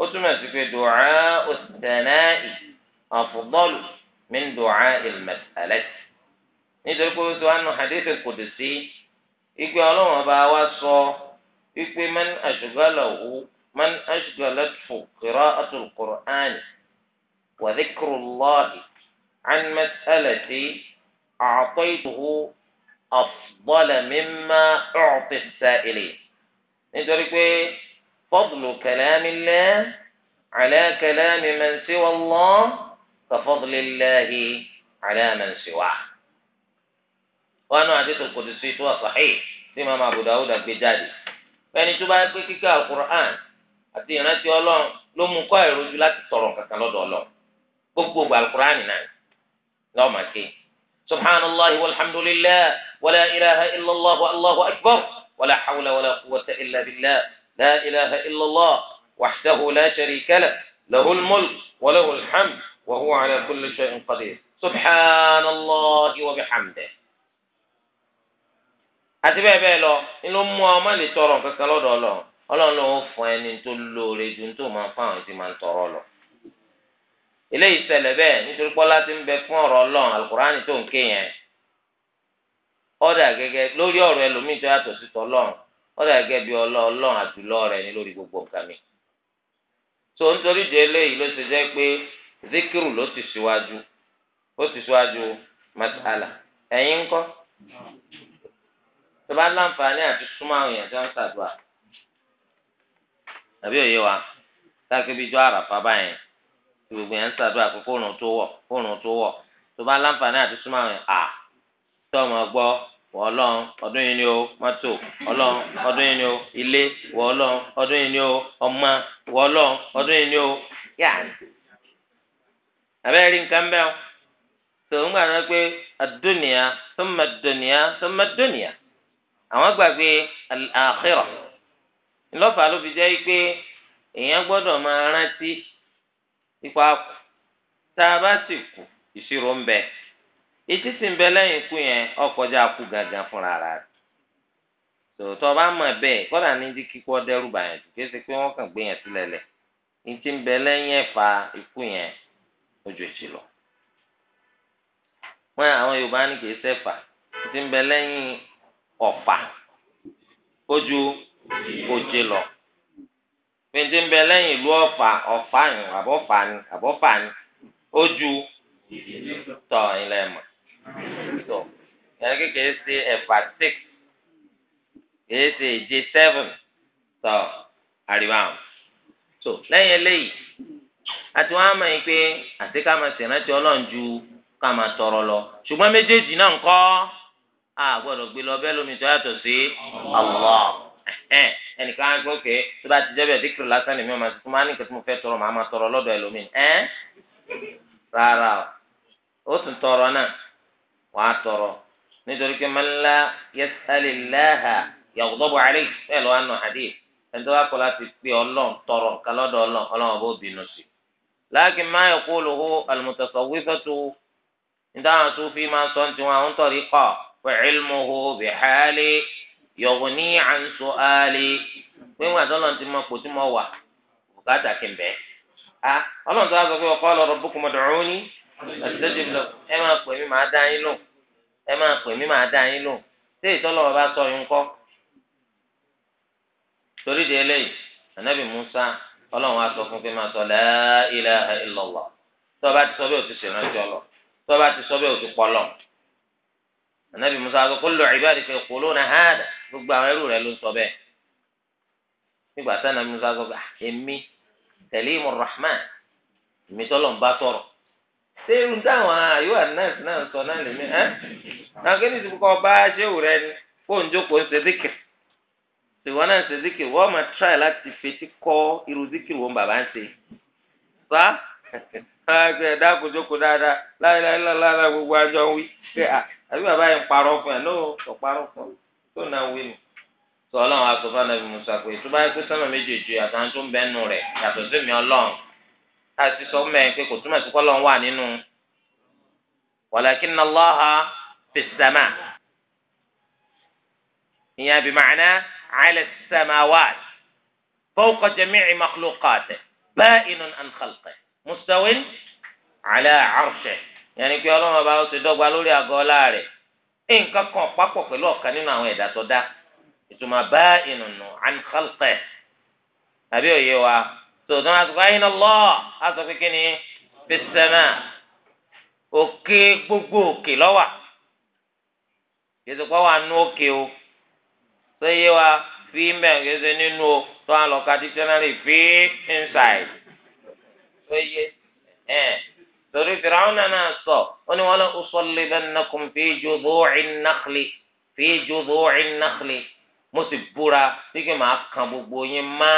ó túmọ̀ sí pé dùá òsìtẹ̀náì àfùdọ́lù min dùá ìlmẹ̀tàlẹ́tì. nítorí pé ó sọ wánú hadith kùdùsí ìgbé ọlọ́run ọba wa sọ wípé man ashgalahu man ashgalathu qira'atul Qur'an wa dhikrullahi an mas'alati a'taytuhu afdala mimma u'ti as-sa'ilin nítorí pé fadlu kalamillah ala kalami man siwa Allah ka fadlillahi ala wọn náà àdéhùn kòtùsí tó wà sàhíì tí màmá abudawo dà gbé jáde fẹni tó bá yẹ pé kíkà alukur'an àti ìrántí Ọlọ́run ló mú kọ ẹrọ ojú láti tọrọ kankan lọ́dọ̀ ọlọ gbogbo alukur'an náà lọọ máa ké subhanallah walhamdulillah wala ilaha illallah allahu akbar wala hawla wala kuwata illa billah la ilaha illallah waxtahu la sharika lah lahul mulk wa lahul hamd wa huwa ala kulli shay'in qadir subhanallah wa bihamdihi. àti bẹ́ẹ̀ bẹ́ẹ̀ lọ ni ló mú ọ má lè tọrọ kankan lọ́dọ̀ ọlọ ọlọ́run ló ń fún ẹni tó lóore ju tó máa fún àwọn tí máa ń tọrọ lọ. eléyìí ṣẹlẹ̀ bẹ́ẹ̀ nítorí pọ́lá ti ń bẹ fún ọ̀rọ̀ ọlọ́run alukurani tó ń ké yẹn ọ̀dà gẹ́gẹ́ lórí ọ̀rọ̀ ẹlòmíì tó yàtọ̀ sí tọ́lọ́run ọ̀dà gẹ́gẹ́ bí ọlọ́run àdúlọ́ rẹ̀ ní lórí gbogbo nǹkan mi. tó eléyìí ló jẹ́ zikiru ló ti síwájú ó ti tó bá láǹfààní àti súnmọ́ àwọn èèyàn tó ń ṣàdúrà àbí òye wa sáàkì bíi jọ àràfà báyẹn tí gbogbo èèyàn ń ṣàdúrà pé fóònù tó wọ̀ fóònù tó wọ̀ tó bá láǹfààní àti súnmọ́ àwọn èèyàn à tó ọmọ gbọ́ wọ Ọlọ́run ọdún yìí ni o mọ́tò Ọlọ́run ọdún yìí ni o ilé wọ Ọlọ́run ọdún yìí ni o ọmọ wọ Ọlọ́run ọdún yìí ni o yáàni abẹ́rẹ́ nǹkan bẹ́ẹ̀ tó ń gbà náà pé àdúnìyà tó mọ̀ dúnìyà tó mọ̀ dúnìyà àwọn gbàgbé àkírà ńlọ́fà ló fi jẹ́ pé èèyàn gbọ́dọ̀ máa rántí ipa kù tá a bá sì kù ìṣirò ń bẹ etí sì ń bẹ lẹ́yìn ikú yẹn ọkọjá kú gangan fúnra rà tòótọ́ bá mọ̀ bẹ́ẹ̀ kọ́dà ní di kíkọ́ dẹ́rù bàyàn tó kéṣe pé wọ́n kàn gbé yẹn sílẹ̀ lẹ̀ ní ń bẹ lẹ́yìn ẹ̀fà ikú yẹn ojú èsì lọ. wọ́n àwọn Yorùbá ní kì í sẹ́fà ní ń bẹ lẹ́yìn ọ̀fà ojú oje lọ péńté ń bẹ lẹ́yìn ìlú ọ̀fà ọ̀fà ni àbọ̀fà ni àbọ̀fà ni ojú tọ̀ ilẹ̀ mọ̀ tọ̀ yẹn kékeré ṣe ẹ̀fà six kìí ṣe èje seven tọ̀ àríwá so lẹ́yìn eléyìí àti wọn á mọ̀ yín pé àti ká máa ṣèrántí ọlọ́run ju ká máa tọrọ lọ ṣùgbọ́n méjèèjì náà ń kọ́ a gbọ́dọ̀ gbé lọ bẹ́ẹ̀ lómi tó yàtọ̀ sí Allah ẹnìkan á gbọ́ pé tó bá ti jẹ́ bẹ́ẹ̀ díkìrì lásán lèmi ọmọ tuntun máa ní nǹkan tí mo fẹ́ tọrọ màá máa tọrọ lọ́dọ̀ ẹlòmíì ẹ́ rárá o ó tún tọrọ náà wàá tọrọ nítorí pé man la yas'alillaha yaghdabu alayhi bẹ́ẹ̀ lọ́wọ́ àánú hadith ẹnitọ́ bá kọ́ láti pé ọlọ́run tọrọ nǹkan lọ́dọ̀ ọlọ́run ọlọ́run bó bínú sí láàkì má yaquluhu al-mutasawwifatu nítawọn tó fi máa sọ ní tiwọn àwọn tọ̀rí kọ́ وعلمه بحالي يغني عن سؤالي وين أدلنا أنت ما كنت ما هو بكاتا كم به أه الله تعالى وقال ربكم ادعوني أستجب لكم إما أقوى مما أدعي له إما أقوى مما أدعي له ṣé ìtọ́lọ́ bàbá sọ yín kọ́ torí di eléyìí anabi musa ọlọ́run á sọ fún pé máa sọ la ilaha illallah tó bá ti sọ bẹ́ẹ̀ ò ti ṣèrántí ọlọ tó bá ti sọ bẹ́ẹ̀ ò ti pọ̀ lọ́wọ́ anabi musa sọ kullu ibadika yaquluna hada gbogbo àwọn ẹrú rẹ ló sọ bẹ́ẹ̀ nígbà tí anabi musa sọ bẹ́ẹ̀ ah, èmi tẹlifù rahman èmi tọ́lọ̀ ń bá tọrọ ṣé irú táwọn àyò ànáàsì náà sọ náà lèmi ẹ nàgẹ́ni ti kọ́ bá ṣéwù rẹ ni kó ń jókòó ń ṣe zikir ṣèwọ́n náà ń ṣe zikir wọ́n máa tíráì láti fetí kọ́ irú zikir wọn bàbá ń ṣe sá ẹ dákòjókòó dáadáa láyé láyé láyé gbogbo àjọ wí pé à àbí bàbá yẹn parọ́ fún ẹ lóò kò parọ́ fún ẹ tó náà wí nù. sọ ọlọ́run asọ̀fà nàbì musa pé tó bá yẹ pé sọ́nà méjèèjì àtàwọn tó ń bẹ́ nù rẹ̀ yàtọ̀ sí mi ọlọ́run a ti sọ mẹ́rin pé kò túmọ̀ sí kọ́lọ́run wà nínú walakin Allaha fi ìyẹn bí màánà ala samawat fawqa jami'i makhluqatihi ba'inun an khalqihi mustawin ala arshihi. yẹn pé ọlọ́run ọba ó dọ́gba lórí àgọ́ ọlá rẹ̀ ẹ̀ nǹkan kan papọ̀ pẹ̀lú ọ̀kan nínú àwọn ẹ̀dá tó dá ìtumọ̀ bá ìnùnú òye wa tòótọ́ a ayé lọ́ a pé gbogbo òkè lọ́wà wà nú o tó yé wa fi nínú o tó fi tó yé ẹ̀. torí fìràwọ́nà náà sọ ó ní wala usallibannakum fi judhu'in nakhli fi judhu'in nakhli mo sì búra pípé màá kan gbogbo yín má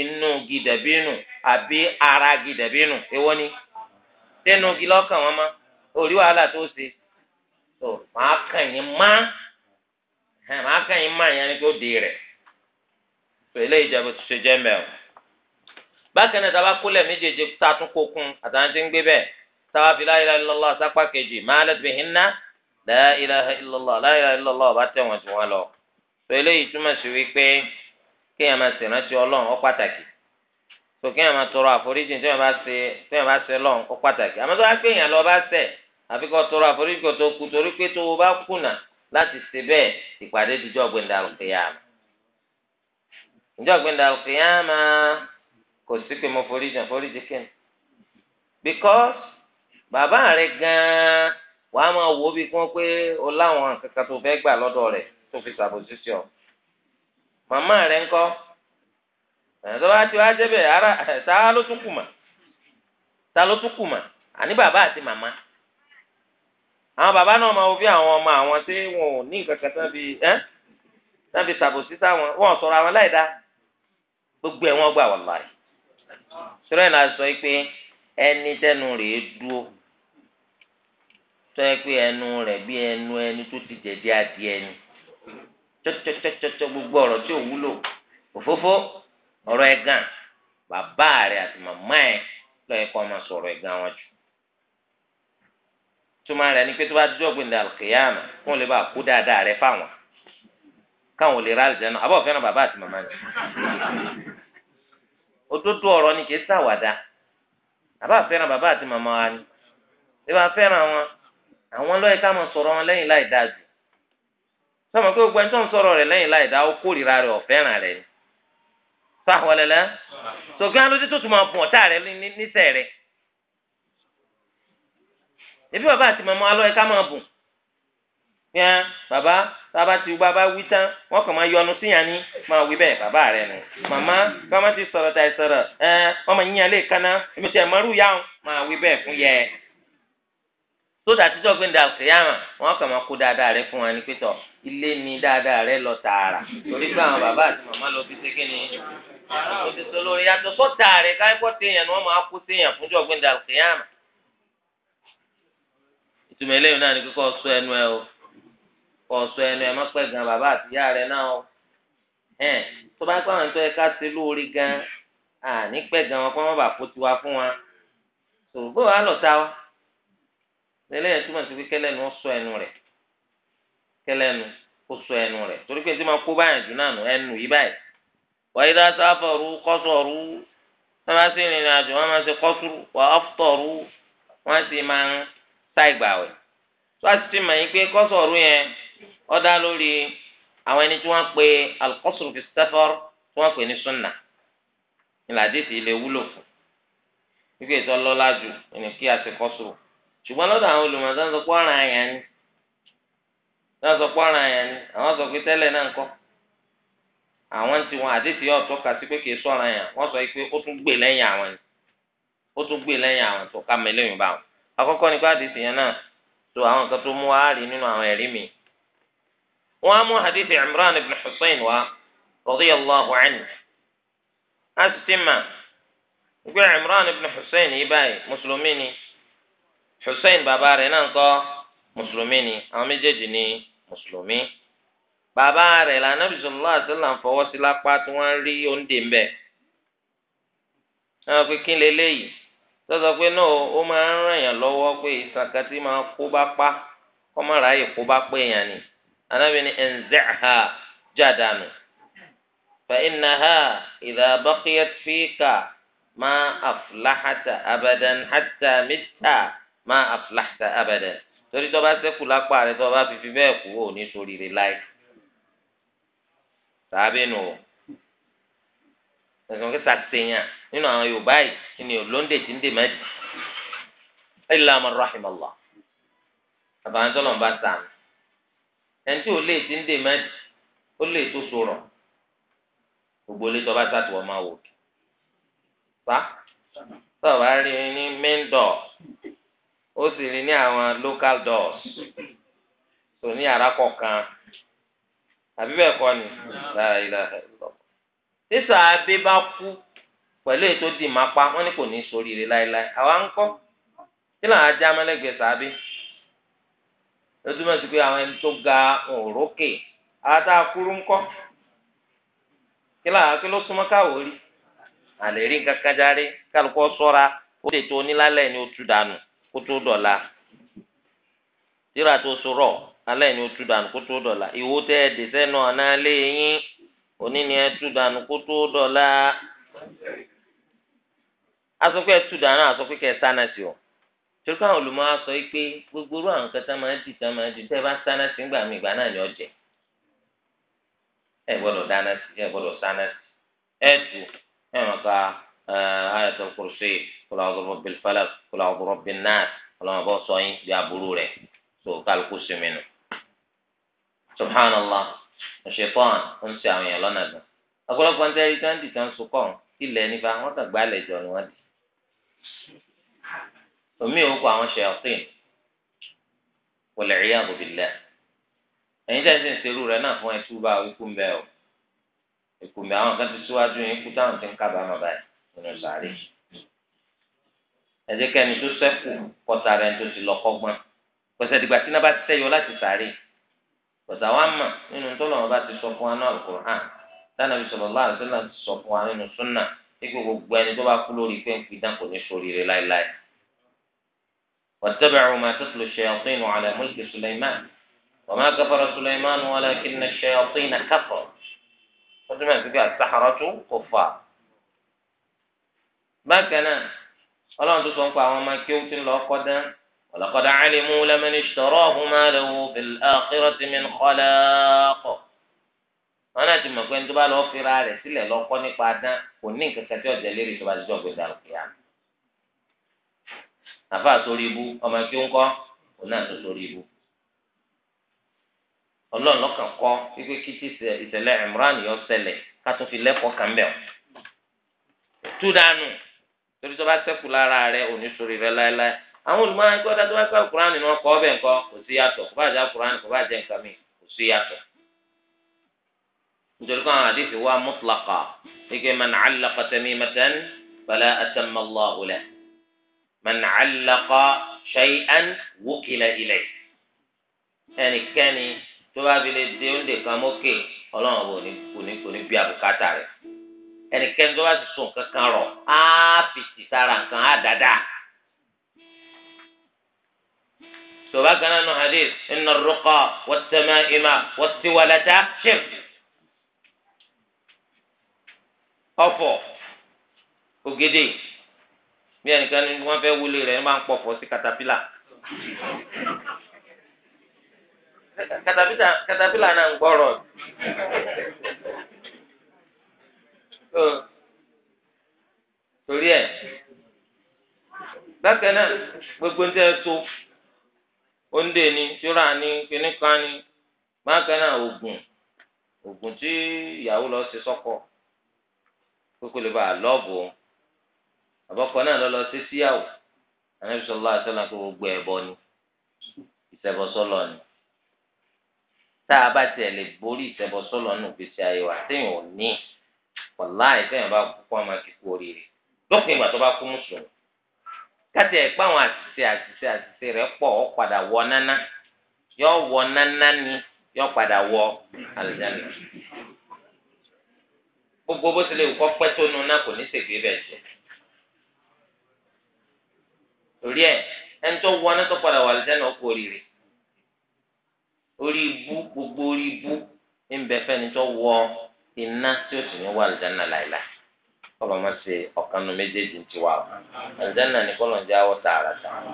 inú gidẹ̀bínú àbí ara gidẹ̀bínú ewọ́ ni tẹnu igi lọ́kàn wọn má orí wàhálà tó ṣe tó màá kàn yín má màá kàn yín má yẹn ni tó di rẹ̀ tó eléyìí jẹ́ bó ti ṣe jẹ́ bákan náà tá a bá kólẹ̀ méjèèjì tá a tún kó kún àtàwọn tí ń gbé bẹ́ẹ̀ táwa fi la ilaha illallah sápá kejì malat bihinna la ilaha illallah la ọba tẹ̀wọ̀n tí wọ́n lọ. tó eléyìí túmọ̀ sí wípé kéèyàn máa ṣèrántí ọlọ́run ó pàtàkì tó kéèyàn máa tọrọ àforíjì téèyàn bá ṣe téèyàn bá ṣe lọ́run ó pàtàkì àmọ́ tó bá lọ bá ṣẹ̀ àfi tọrọ àforíjì tó torí pé tó o bá kùnà láti bẹ́ẹ̀ bàbá rẹ̀ gan-an wà á máa wò ó bí kún pé o láwọn kankan tó fẹ́ gbà lọ́dọ̀ rẹ̀ tó fi ṣàbòsí sí ọ màmá rẹ̀ ńkọ́ ẹ̀sọ́ bá ti wá débẹ̀ ara ta ló tún kù mà ta ló tún kù mà àní bàbá àti màmá àwọn bàbá náà máa wo bí àwọn ọmọ àwọn tí wọn ò ní nǹkan kan tán fi ẹ́ tán fi ṣàbòsí sáwọn wọn sọ̀rọ̀ àwọn láì gbogbo ẹ̀ wọ́n gbà wọ́n láì ẹ̀ náà sọ pé ẹni tẹnu rẹ̀ dúró tọ́yẹ pé ẹnu rẹ̀ bí ẹnu ẹni tó ti jẹ̀dí adìẹ ni tọ́tọ́tọ́tọ́ gbogbo ọ̀rọ̀ tí ò wúlò òfófó ọ̀rọ̀ ẹ̀gàn bàbá rẹ̀ àti màmá ẹ̀ lọ́yẹ kọ́ máa sọ̀rọ̀ ẹ̀gàn wọn jù túmọ̀ rẹ̀ ni pé tó bá dọ́gbìn dàrú kìyàmù kó lè bá kú dáadáa rẹ̀ fáwọn káwọn lè ra àlùjáná àbọ̀ fẹ́ràn bàbá àti màmá rẹ̀ òdodo ọ̀rọ̀ ni kì í ṣàwàdà àbá fẹ́ràn bàbá àti màmá wa ni ẹ bá fẹ́ràn wọn àwọn lọ́yẹ̀ ká máa sọ̀rọ̀ wọn lẹ́yìn láì dáa jù sọmọ pé gbogbo ẹni tó ń sọ̀rọ̀ rẹ̀ lẹ́yìn láì dáa ó kórìíra rẹ̀ ọ̀fẹ́ràn rẹ̀ ni fáwọn lẹ́lẹ́ sọ̀kí alóde tó tún máa bùn ọ̀tá rẹ̀ níṣẹ́ rẹ̀ ẹbí bàbá àti màmá wa lọ́yẹ̀ ká máa bùn yẹn bàbá tába ti wú bàbá wí tán wọn kàn máa yọnu síyàn ni máa wí bẹ́ẹ̀ bàbá rẹ nù màmá bàmá ti sọ̀rọ̀ tàì sọ̀rọ̀ ẹ wọn máa lè kaná èmi ti ẹ̀ máa wí bẹ́ẹ̀ fún yẹ sódà títọ́ gbé ndà kìyàmà wọn kàn máa kó dáadáa rẹ fún wa ni dáadáa rẹ lọ tààrà torí pé àwọn àti màmá lọ fi ṣe kí ni mo ti sọ lórí yàtọ̀ sọ́tà rẹ káyọ̀pọ̀ ni wọ́n máa kó ọ̀sọ̀ ẹnu ẹ̀ mọ́pẹ́ gan bàbá àtìyá rẹ̀ náà o ẹ̀ẹ́n tó bá pẹ́ àwọn tó yẹ ká ṣe lóore gan àní pẹ́ gan wọn pé wọ́n bá kó tiwa fún wa tòbó wa lọ ta wa lẹ́lẹ́yìn túmọ̀ sí pé kẹ́lẹ́nu ó sọ ẹnu rẹ̀ kẹ́lẹ́nu ó sọ ẹnu rẹ̀ torí pé tí máa kó báyìí jù náà nù ẹnu yìí báyìí wàyí dá sáfọ̀rù kọ́sọ̀rù wọ́n bá sì rìnrìn àjò wọ́n máa ṣe kọ́sùrù wà áfùtọ̀rù wọ́n sì máa ń ṣàìgbàwẹ̀ tó a ti ti mọ̀ yín pé kọ́sọ̀ọ̀rù yẹn ó dá lórí àwọn ẹni tí wọ́n pe al-qasru fi safar tí wọ́n pè ní sunna ìlàdí ti lè wúlò fún wípé ètò ọlọ́lá jù ẹni kí a ti kọ́sọ̀rù ṣùgbọ́n lọ́dọ̀ àwọn olùmọ̀tò ń sọ pé ọ̀ràn àyàn ni wọ́n sọ pé ọ̀ràn àyàn ni àwọn sọ pé tẹ́lẹ̀ náà ń kọ́ àwọn ti wọn àdé ti yọ tọ́ka sí pé kì í sọ̀ràn àyàn wọ́n sọ pé ó tún gbè lẹ́yìn àwọn ni ó tún gbè lẹ́yìn àwọn tó ká mẹ́lẹ́yìn báwọn àkọ́kọ́ nípa àdé ti yẹn náà tó àwọn nǹkan tó mú wá rí nínú àwọn ẹ̀rí mi. wọ́n á mú hadith Imran ibn Hussein wá radiyallahu anhu á sì ti mà gbé Imran ibn Hussein yìí báyìí mùsùlùmí ni Hussein bàbá rẹ̀ náà ń kọ́ mùsùlùmí ni àwọn méjèèjì ni mùsùlùmí bàbá rẹ̀ la Ànábì sallallahu alaihi fọwọ́ sí lápá tí wọ́n rí oúnjẹ ń bẹ̀. ẹ wọ́n pe kí n lè léyìí sọsọ pé náà ó máa ń ràn yàn lọ́wọ́ pé ìsàkà tí máa kó bá pa kọ́ má ráàyè kó bá pé yàn ni anábì ni ẹnzẹ́ha jádànù fẹ́ẹ́nàhà ìdàbọ́kìyàt fíkà má àfúláhàtà abadan hàtà mítà má àfúláhàtà abadan torí tó bá sẹ́kù lápá rẹ tó bá fífi bẹ́ẹ̀ kú ò ní sóríire láì tàbí ẹ̀sùn kí sàtẹ̀yàn nínú àwọn yorùbá yìí ni olóńdè tí ń dè mẹ́tì ilé amọ̀ rahimallah àbáwọn tó lọ́n bá sàn ẹni tí ò lè tí ń dè mẹ́tì ó lè tó sọ̀rọ̀ gbogbo ilé tó bá sàtìwọ́ máa wò fa tó bá rí ní main door ó sì rí ní àwọn local doors tó ní yàrá kọ̀ọ̀kan àbí bẹ́ẹ̀ kọ́ ni. sísà adé bá kú. pẹ̀lú ètò di máa pa wọ́n ní kò ní ṣoríire láéláé àwa ń kọ́ kí làwọn ajá mẹ́lẹ́gbẹ̀ẹ́ sábẹ́ ló sí pé àwọn ẹni tó ga òrókè àtà kúrú ń kọ́ kí làwọn kí ló súnmọ́ káwọ́ rí àlè rí nǹkan kan kálukọ́ sọ́ra ó lè tó onílálẹ̀ ni otu dànù kó tó dọ̀la tíra tó sọ̀rọ̀ alẹ́ ni ó dànù kó tó dọ̀la ìwó tẹ́ ẹ̀ dẹ̀sẹ̀ náà náà lé yín aṣọ pé ẹtù dáná aṣọ pé kẹ ẹ sáná sí o torí káwọn olùmọ̀ á sọ pé gbogbo orú àwọn kẹta máa ń dì tán máa ń dì tẹ́ ẹ bá sáná sí ńgbà mí ìgbà náà ni ọ̀jẹ̀ ẹ gbọ́dọ̀ dáná sí ẹ gbọ́dọ̀ sáná sí ẹ tù ẹ máa ka ayatul kursi kul a'udhu birabbil falaq kul a'udhu birabbin nas ọlọ́mọ bọ́ sọ yín bí aburú rẹ̀ tó kálukú sí mi nù subhanallah ṣèpọ́n ń dùn ọ̀pọ̀lọpọ̀ ń tẹ́ ẹni tí wọ́n dì tán sùn kọ́ ilẹ̀ nípa wọ́n kàn gbálẹ̀ jọ ni wọ́n dì omi ò kọ àwọn ṣèyàtìn wọlẹ̀rí àbòbílẹ̀ ẹ̀yin tẹ́ ẹ ti ń serú rẹ náà fún ẹtú bá ikú ń bẹ o ikú ń bẹ àwọn kan ti síwájú yín kú táwọn ti ń kábàámọ̀ báyìí nínú sàárè ẹ jẹ́ tó sẹ́kù kọ́ta rẹ̀ tó ti lọ kọ́gbọ́n pẹ̀sẹ̀ dìgbà tí iná bá ti sẹ́yọ láti sàárè pẹ̀sẹ̀ àwọn àmà nínú tó lọ́wọ́ bá ti sọ fún wa náà Al-Qur'an dáná bí sallallahu alaihi wasallam ti sọ fún wa nínú sunnah ibi gbogbo ẹni tó bá kú lórí pé ń fi dán kò ní sórí rẹ̀ láéláé. wọn wọn wọn máa sulaimán sulaimán واتبعوا ما تتلو الشياطين على ملك سليمان وما كفر سليمان ولكن الشياطين àtàkárọ̀ ثم kò fà á. bákan náà ọlọ́run tó sọ ń pa àwọn ọmọ kí ó ti ń lọ ọkọ dán ọ̀làkọ̀dá alimu lẹ́mẹ́ni ṣọ̀rọ̀ ọ̀hún máa lè wo fìlà àkírọ̀tì mi ń kọ́lá pọ̀. wọn náà ti mọ̀ pé nítorí bá lọ fira rẹ̀ sílẹ̀ lọ́kọ́ nípa dán kò ní nǹkan kan tí ọ̀jẹ̀ lérí tó bá ti jọ gbẹdà òkè yá. àfa sórí ibu ọmọ kí ń kọ́ òun náà tó sórí ibu. ọlọ́run lọ́kàn kọ́ wípé kí tí ìṣẹ̀lẹ̀ Imran yọ ṣẹlẹ̀ ká tún fi lẹ́kọ̀ọ́ kan bẹ̀ tú dànù torí tó bá sẹ́kù lára rẹ̀ òní sórí rẹ̀ láéláé àwọn olùmọ̀ràn kí wọ́n dájú wá pé Kùránì ni wọ́n kọ́ ọ bẹ́ẹ̀ kọ́ kò sí yàtọ̀ kò bá jẹ́ Kùránì kò bá jẹ́ nǹkan mi kò sí yàtọ̀. وتلقاها حديث هو مطلقة هيك من علق تميمة فلا أتم الله له من علق شيئا وكل إليه يعني كاني تبا بلي ديون دي كاموكي الله أبو نبوني كوني بيا بكاتاري يعني كان تبا سون ككارو آه بيشتي ساران كان آه تبا كان حديث إن الرقى والتمائم والتولة شرك ọ̀fọ̀ ògèdè bí ẹnìkan ni wọ́n fẹ́ wọlé rẹ̀ máa ń pọ̀fọ̀ sí katapila katapila náà ń gbọ́rọ̀ torí ẹ̀ bákan náà gbogbo ń tẹ́ so ondé ni ṣúra ni kíníkan ni bákan náà oògùn oògùn tí ìyàwó lọ sí sọ́kọ. So kókó lè ba àlọ́ọ̀bù òun àbọ̀kọ náà lọ lọ sí síyàwó ànábi sọlá àtọ́lá kó gbogbo ẹ̀bọ ni ìṣẹ̀bọ sọlọ ni tá a bá tiẹ̀ lè borí ìṣẹ̀bọ sọlọ nù gbèsè ayé wa téèyàn ò ní wàlá ìfẹ́yàn bá kú kó a máa kíkú oríire lópin ìgbà tó bá kú mùsùlùmí káti ẹ̀ pé àṣìṣe àṣìṣe àṣìṣe rẹ̀ pọ̀ ọ́ padà wọ náná yọ wọ náná ni yọ padà wọ àlùjáde gbogbo bó tilẹ̀ kọ́ pẹ́ tó nu náà kò ní ṣègbè bẹ́ẹ̀ jẹ́ torí ẹ ẹni tó wọ anátọ́ padà wà lẹ́nu ọkọ̀ òrìrì orí ibú gbogbo orí ibú ń bẹ fẹ́ni tó wọ iná tí ó sì ní wà lẹ́nu láìláì kọlọ ma ṣe ọkànnù méjèèjì ti wà aljanna ni kọlọ ń jẹ awọ tààrà tààrà.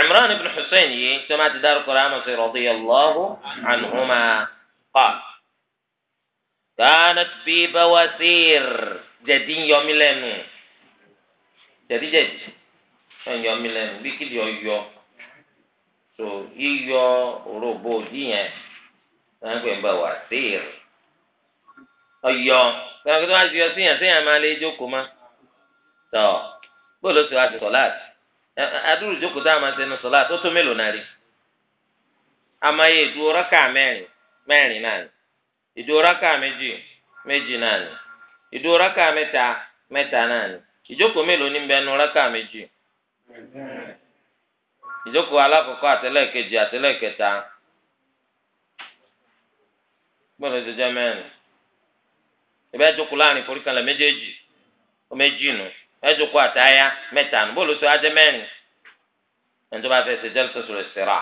Imran ibn Hussein yìí tó má ti dárúkọ rẹ̀ àmọ̀ sí kanat fi bawasir jẹ̀dí ń yọmí lẹ́nu jẹ̀díjẹ̀dí ń yọmí lẹ́nu bí kìdí ọyọ tó yíyọ òróbó ojú na bawasir ọyọ wọn kí wọn á ti yọ síyàn síyàn máa lé jókòó má tọ bóòlù tí wọn á ti sọ láti adúrú jókòó tá a máa ṣe ní ìdúró rákà méjì méjì náà ni ìdúró rákà mẹ́ta mẹ́ta náà ni ìjókòó mélòó ní bẹnu rákà méjì ìjókòó alákọ̀ọ́kọ́ àtẹlẹ́kejì àtẹlẹ́kẹta gbọ́dọ̀ jẹjẹ mẹ́rin ìbẹ́ jókòó láàrin méjèèjì ó méjì nù ẹ jókòó mẹ́ta nù bóòlù sọ ajẹ́ mẹ́rin ẹni bá fẹ́ ṣe jẹ́ lọ́sọ̀rọ̀ ìṣẹ̀rà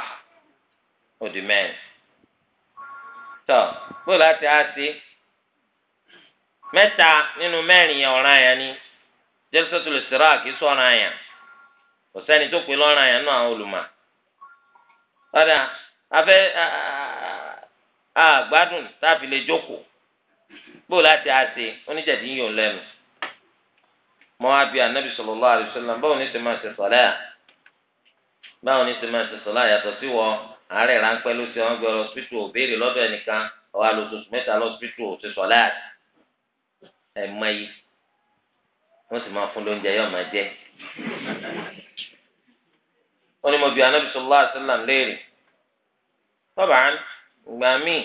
tọ bó láti á sí mẹta nínú mẹ́rin yẹn ọ̀ràn yẹn ni jẹ́sọ̀tún lè sọ̀rọ̀ àkísọ̀ ọ̀ràn yẹn kò tó pe lọ́ràn yẹn náà àwọn olùmọ̀ ọ̀dà afẹ́ àgbádùn táàfin lè jókòó bó láti á sí oníjẹ̀dí yìí ò lẹ́nu mọ́ àbí anabi sallallahu alaihi wasallam báwo ni sèmáà ṣe sọ̀rọ̀ báwo sèmáà sí àárẹ̀ ráńpẹ́ ló ṣe wọn gbé lọ́sítù òbéèrè lọ́dọ̀ ẹnìkan ọ̀hà lóṣooṣù mẹ́ta lọ́sítù òṣè sọ̀láàt ẹ̀ mọ yìí wọ́n sì máa fún lóúnjẹ yóò máa jẹ́ wọ́n ní mo bí anábì sọlá àṣìlá léèrè tọ́ba ìgbà míì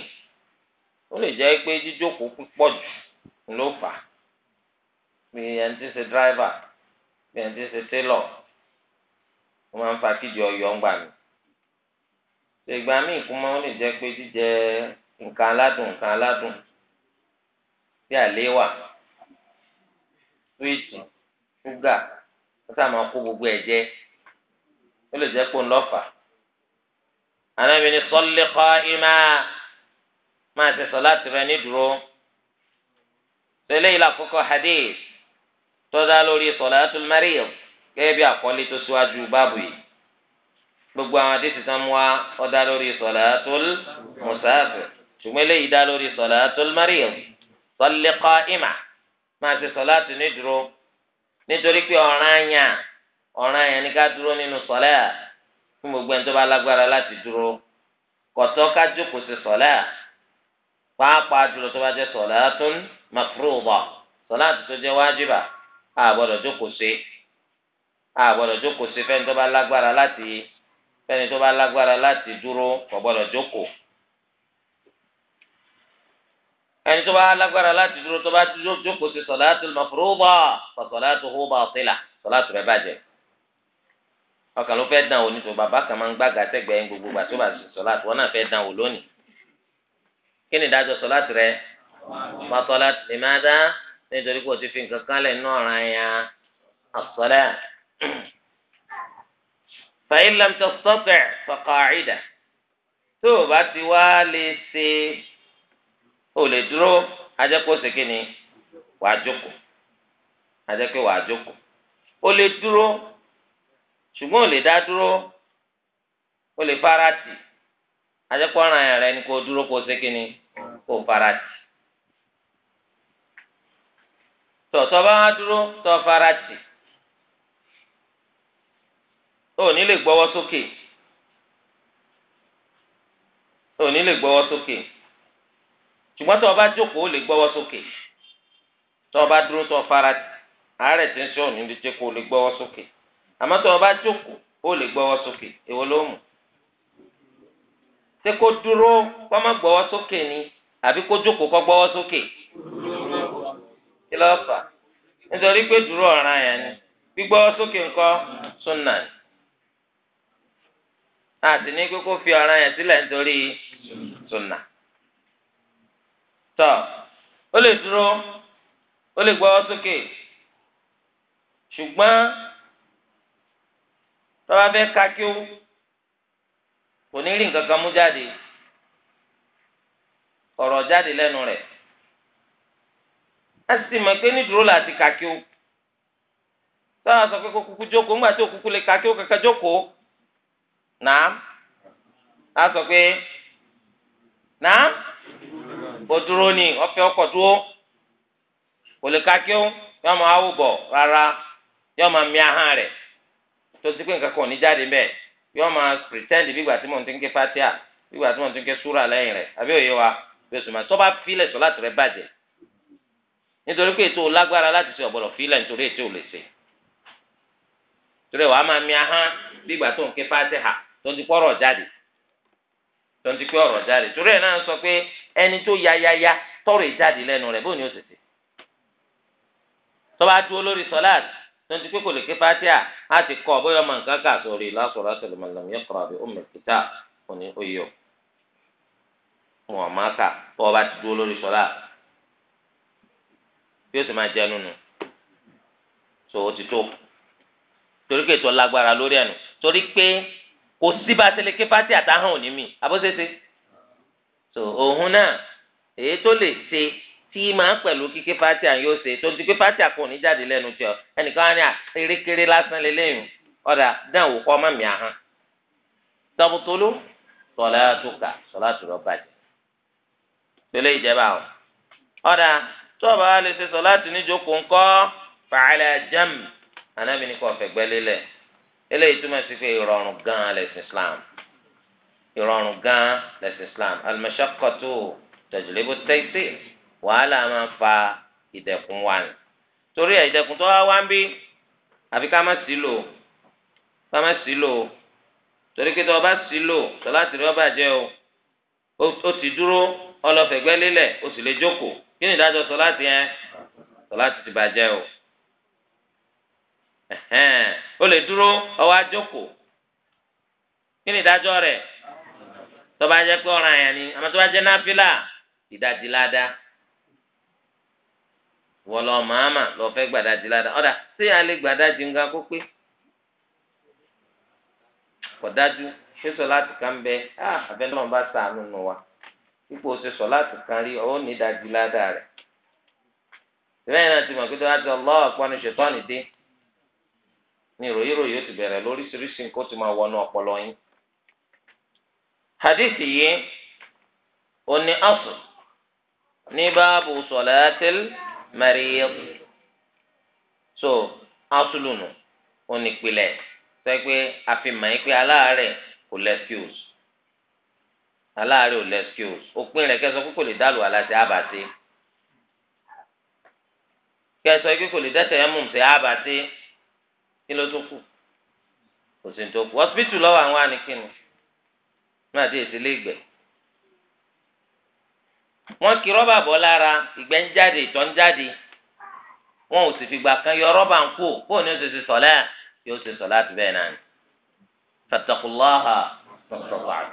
ó lè jẹ́ pé jíjókòó púpọ̀ jù ló fà á bí ẹni tí ń ṣe dráìvà bí ẹni tí ń ṣe télọ̀ wọ́n máa ń fa kíjọ ọyọ́ ń gbà mí ìgbà míì kú mọ́ ó lè jẹ́ pé jíjẹ nǹkan aládùn nǹkan aládùn bí àléwà túwìtì ṣúgà ó sáà máa kó gbogbo ẹ̀ jẹ ó lè jẹ́ pé ó ń lọ́fà. Ànábì ní salli qa'ima máa ṣe sọ̀láàtì rẹ nídùúró. Tẹ́lẹ̀ ìlà àkọ́kọ́ hadith tó dá lórí salatul marid gẹ́gẹ́ bí àkọ́lé tó síwájú báàbù yìí gbogbo àwọn àdéhùn sísan mu wa ó dá lórí salatul musafir ṣùgbọ́n eléyìí dá lórí salatul marid salli qa'ima máa ṣe salatu ní dúró nítorí pé ọ̀ranyàn ọ̀ranyàn ní ká dúró nínú sọlá fún gbogbo ẹni tó bá lágbára láti dúró kọ̀tọ́ ká jókòó ṣe sọlá pàápàá jùlọ tó bá jẹ́ salatun mafruḍa sọlá tó jẹ́ wájibà àgbọ̀dọ̀ jókòó ṣe àgbọ̀dọ̀ jókòó ṣe fẹ́ni tó bá lágbára láti fẹ́ni tó bá lágbára láti dúró kò gbọ́dọ̀ jókòó ẹni tó bá lágbára láti dúró tó bá jókòó sí salatul mafruḍa fa salatuhu bāṭila salatu rẹ̀ bàjẹ́ ọkàn ló fẹ́ dàn wò ní tó bàbá kan máa ń gbàgà sẹ́gbẹ̀ẹ́ gbogbo gbà tó bá sì salatu wọn náà fẹ́ dàn wò lónìí kí ni ìdájọ́ salatu rẹ̀ fa salatu limādhā nítorí kò ti fi nǹkan kan lẹ̀ nínú ọ̀ràn yẹn as fàyín lamtọ sọtẹ fàkàìdà tó o bá ti wá lè ṣe o lè dúró ajẹkọ sèké ni wàá jókòó ajẹkọ wàá jókòó o lè dúró ṣùgbọ́n o lè dá dúró o lè fara tì ajẹkọ ọ̀ràn rẹ ni kò dúró kó sèké ni kò fara tì. tọ̀tọ̀ bá dúró tọ́ fara tì ó ní lè gbọ́wọ́ sókè ó lè gbọ́wọ́ sókè ṣùgbọ́n tó o bá jókòó ó lè gbọ́wọ́ sókè tó o bá dúró tó o fara àárẹ̀ tí ń sọ ní dídé kó o lè gbọ́wọ́ sókè àmọ́ tó o bá jókòó ó lè gbọ́wọ́ sókè èwo ló mú ṣé kó dúró kó má gbọ́wọ́ sókè ni àbí kó jókòó kó gbọ́wọ́ sókè kí ló fà nítorí pé dúró ọ̀ràn yẹn ni gbígbọ́wọ́ sókè ńkọ́ sunnah ni àti ní kókó fi ọ̀ràn yẹn sílẹ̀ nítorí sunna. tọ́ ó lè dúró ó lè gbọ́ sókè ṣùgbọ́n tọ́ba fẹ́ ka kí ó kò ní rí nǹkan kan mú jáde ọ̀rọ̀ jáde lẹ́nu rẹ̀ a sì mọ̀ pé ní dúró láti ka kí ó tọ́ba sọ pé kó kúkú jókòó ńgbà tí ó lè ka kí ó kankan jókòó. nàám a sọ pé nàám kò dúró ni ọfẹ ọkọ dúró kò yọọ máa wò bọ rárá yọọ máa mi ahọ́n rẹ̀ tó ti pé nǹkan kan ò pretend bí mò ń ké fatia bí mò ń ké sọ láti rẹ bàjẹ́ nítorí pé ètò lágbára láti ṣe ọ̀gbọ̀dọ̀ nítorí ètò ò lè ṣe torí wàá máa mi ahọ́n bí tó ń ti pọ́ ọ̀rọ̀ jáde tó ń ti pé ọ̀rọ̀ jáde torí ẹ̀ náà sọ pé ẹni tó ya ya ìjáde lẹ́nu rẹ̀ bóun ni ó sì ṣe tó bá dúró lórí sọláàtì tó ń ti pé kò lè ké pátíà á ti kọ́ bóyá ọmọ nǹkan kà sórí lásọ̀rọ̀ àtẹlẹmọ làmì yẹn kọ́ra bí ó mẹ̀ kíta òní oyè o wọn tó o bá ti dúró lórí sọláàtì bí ó sì máa jẹnu nù so ó ti tó torí pé ètò lágbára lórí ẹnu torí pé kò sí bá a ṣe lè ké fati àtàhàn òní mi àbọ̀ṣeṣe so òun náà èyí tó lè ṣe tí máa pẹ̀lú kíké fati à ń yóò ṣe tó ń ti pé fati àkọ́ òní jáde lẹ́nu tí ọ ẹnìkan á ní àkérékéré lásán lélẹ́yìn ọ̀dà dáhùn òkú ọmọ mi àhán tọ́bùtòló sọlá tó kà sọlá tó rọ bàjẹ́ pẹ̀lú ìjẹba o ọ̀dà tó o lè ṣe sọlá tó níjókòó ńkọ́ fàálẹ̀ jẹ́m ànábìíní kọ́ fẹ̀gbẹ́ lélẹ̀ eléyìí túmọ̀ sí pé ìrọ̀rùn gan lẹ̀sìn islam ìrọ̀rùn gan lẹ̀sìn islam al-mashaqqatu tajlibu at-taysir wàhálà máa ń fa ìdẹ̀kùn wà ní. torí ẹ̀ ìdẹ̀kùn tó wá wá ń bí àfi ká má sí lò ká má sí lò torí pé tó o bá sí lò tó láti rí ọba jẹ́ o ó sì dúró ọlọ́fẹ̀gbẹ́ lélẹ̀ ó sì lè jókòó kí ni ìdájọ́ sọ láti yẹn sọ láti ti bàjẹ́ o. o lè dúró ọwọ́ àjókòó kí ni ìdájọ́ rẹ̀ tọba bá jẹ́ pé ọ̀ràn àyàn ni àmọ́ tó jẹ́ náfìlà ládá lọ lọ fẹ́ gbàdájì ládá ṣé a lè gbàdájì ń kó pé kò dájú ṣé sọ láti bẹ bá sàánú nù wa ipò ṣe sọ láti kan rí ọ̀hún ní ládá náà ti pé tó bá ni ròyìn ròyìn ó ti bẹ̀rẹ̀ lóríṣiríṣi nǹkan ó ti máa wọnú ọpọlọ yín. hadith yìí ó ní asù ní báàbù sọ̀láàtìl mẹ́rìíyẹ́ so asùlùnù ó ní pilẹ̀ sẹ́pẹ́ àfihàn yín pé aláàárẹ̀ kò lẹ́skíùs aláàárẹ̀ ò lẹ́skíùs òpin rẹ̀ kẹ́sọ́ pé kò lè dálù aláṣẹ àbàtì kẹ́sọ́ pé kò lè dẹ́tẹ̀ ẹ̀mùmùsẹ̀ àbàtì kí ló tún kù kò sí tó kù hospital lọ́wọ́ àwọn àníkíni náà ti èsì léègbẹ́ wọ́n kí rọ́bà bọ́ lára ìgbẹ́ ń jáde ìtọ̀ ń jáde wọn ò sì fìgbà kan yọ rọ́bà ń kú bóun ni ó ṣe yóò ṣe sọ̀lá àti bẹ́ẹ̀ náà ni fatakulaha tọ́tọ̀fàt.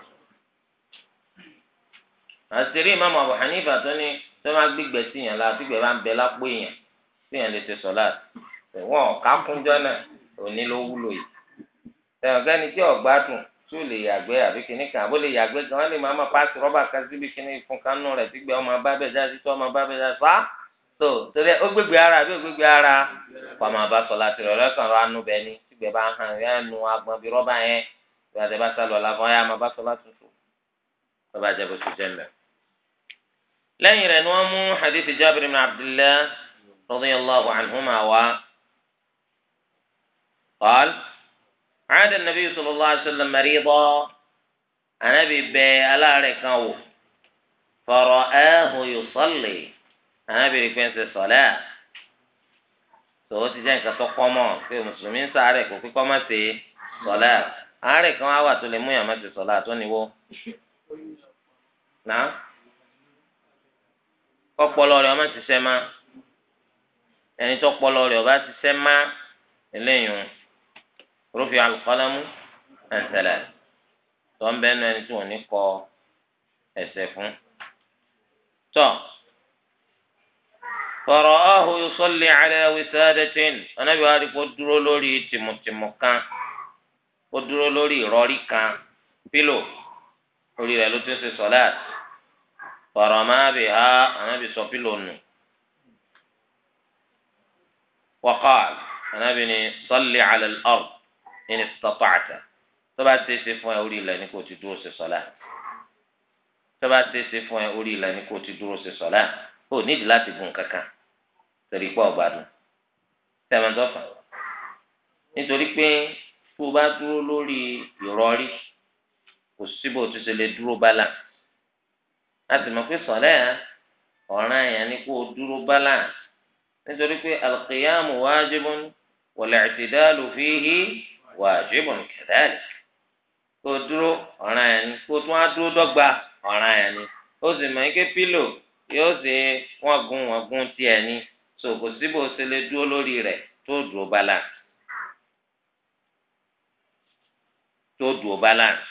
àṣírí ìmáàmù Abu Hanifa tó ní tó máa gbígbẹ́ sí yàn láti gbẹ̀ bá ń bẹ lápò èèyàn sí yàn lè ṣe sọ̀lá wọn ò ká kúnjọ́ náà òní ló wúlò yìí ẹ̀yàn kẹ́ni tí ọ̀gbádùn tó lè yàgbẹ́ àbí kìnnì kan àbó lè yàgbẹ́ gan wọ́n lè máa ma paasi rọ́bà kan síbi kìnnì fún kánú rẹ̀ tí gbẹ ọmọ bá bẹ̀ jáde tí ọmọ bá bẹ̀ jáde fa tó torí ó gbégbé ara àbí ó gbégbé ara wà máa bá sọ láti rẹ̀ ọlọ́sàn rà nù bẹ́ẹ̀ ni tí gbẹ bá hàn yẹn nu agbọ̀n bí rọ́bà yẹn ìgbàdé bá sálọ làbọ̀ yẹn máa bá sọ láti tù bàbá àjẹbù tó jẹ́ mẹ́. lẹ́yìn rẹ̀ ni wọ́n mú hadith Jabir ibn Abdullah radiyallahu قال عاد النبي صلى الله عليه وسلم مريضا أنا ببي على ركو فرآه يصلي أنا بريكوين صلاة tòwó ti jẹ́ nǹkan tó kọ́ mọ́ pé mùsùlùmí ń sáré kò kíkọ́ má ṣe sọ̀lá àárẹ̀ kan á wà tó lè mú yàn má ṣe sọ̀lá tó níwó. nà kọ́pọ̀lọ́ ọmọ ti sẹ́ má ẹni tó pọlọ rẹ̀ ọba ti sẹ́ má eléyìí rufi alqalamu an salat tó ń bẹ́ẹ̀ náà ẹni tí wọ́n ní kọ ẹsẹ̀ fún. tọ́ fara'ahu yusalli ala wisadatin anábì wa rí kó dúró lórí tìmùtìmù kan ó dúró lórí ìrọ̀rí kan pílò orí rẹ̀ ló ti ń ṣe sọ́láàt farama biha anábì sọ pílò nù. وقال النبي صل على الأرض in istata'ta tó bá ṣe é ṣe fún ẹ orí ilẹ̀ ni kò ti dúró ṣe sọ̀lá tó bá ṣe é ṣe fún ẹ orí ilẹ̀ ni kò ti dúró ṣe sọ̀lá ò nídìí láti gùn kankan torí pé ọ̀gbádùn tẹ̀mẹ̀tọ́fà nítorí pé tó o bá dúró lórí ìrọ̀rí kò síbò tó ṣe lè dúró bálà a mọ̀ pé sọ̀lá ọ̀ràn yẹn ni kó dúró bálà nítorí pé al-qiyamu wajibun wal-i'tidalu fihi wajibun kadhalik kó dúró ọ̀ràn yẹn ni kó tún á dúró dọ́gba ọ̀ràn yẹn ni ó sì mọ̀ ike pílò yóò ṣe wọ́n gun wọ́n gun tiẹ̀ ni so kò sí bó ṣe lè dúró lórí rẹ̀ tó dúró balance tó dúró balance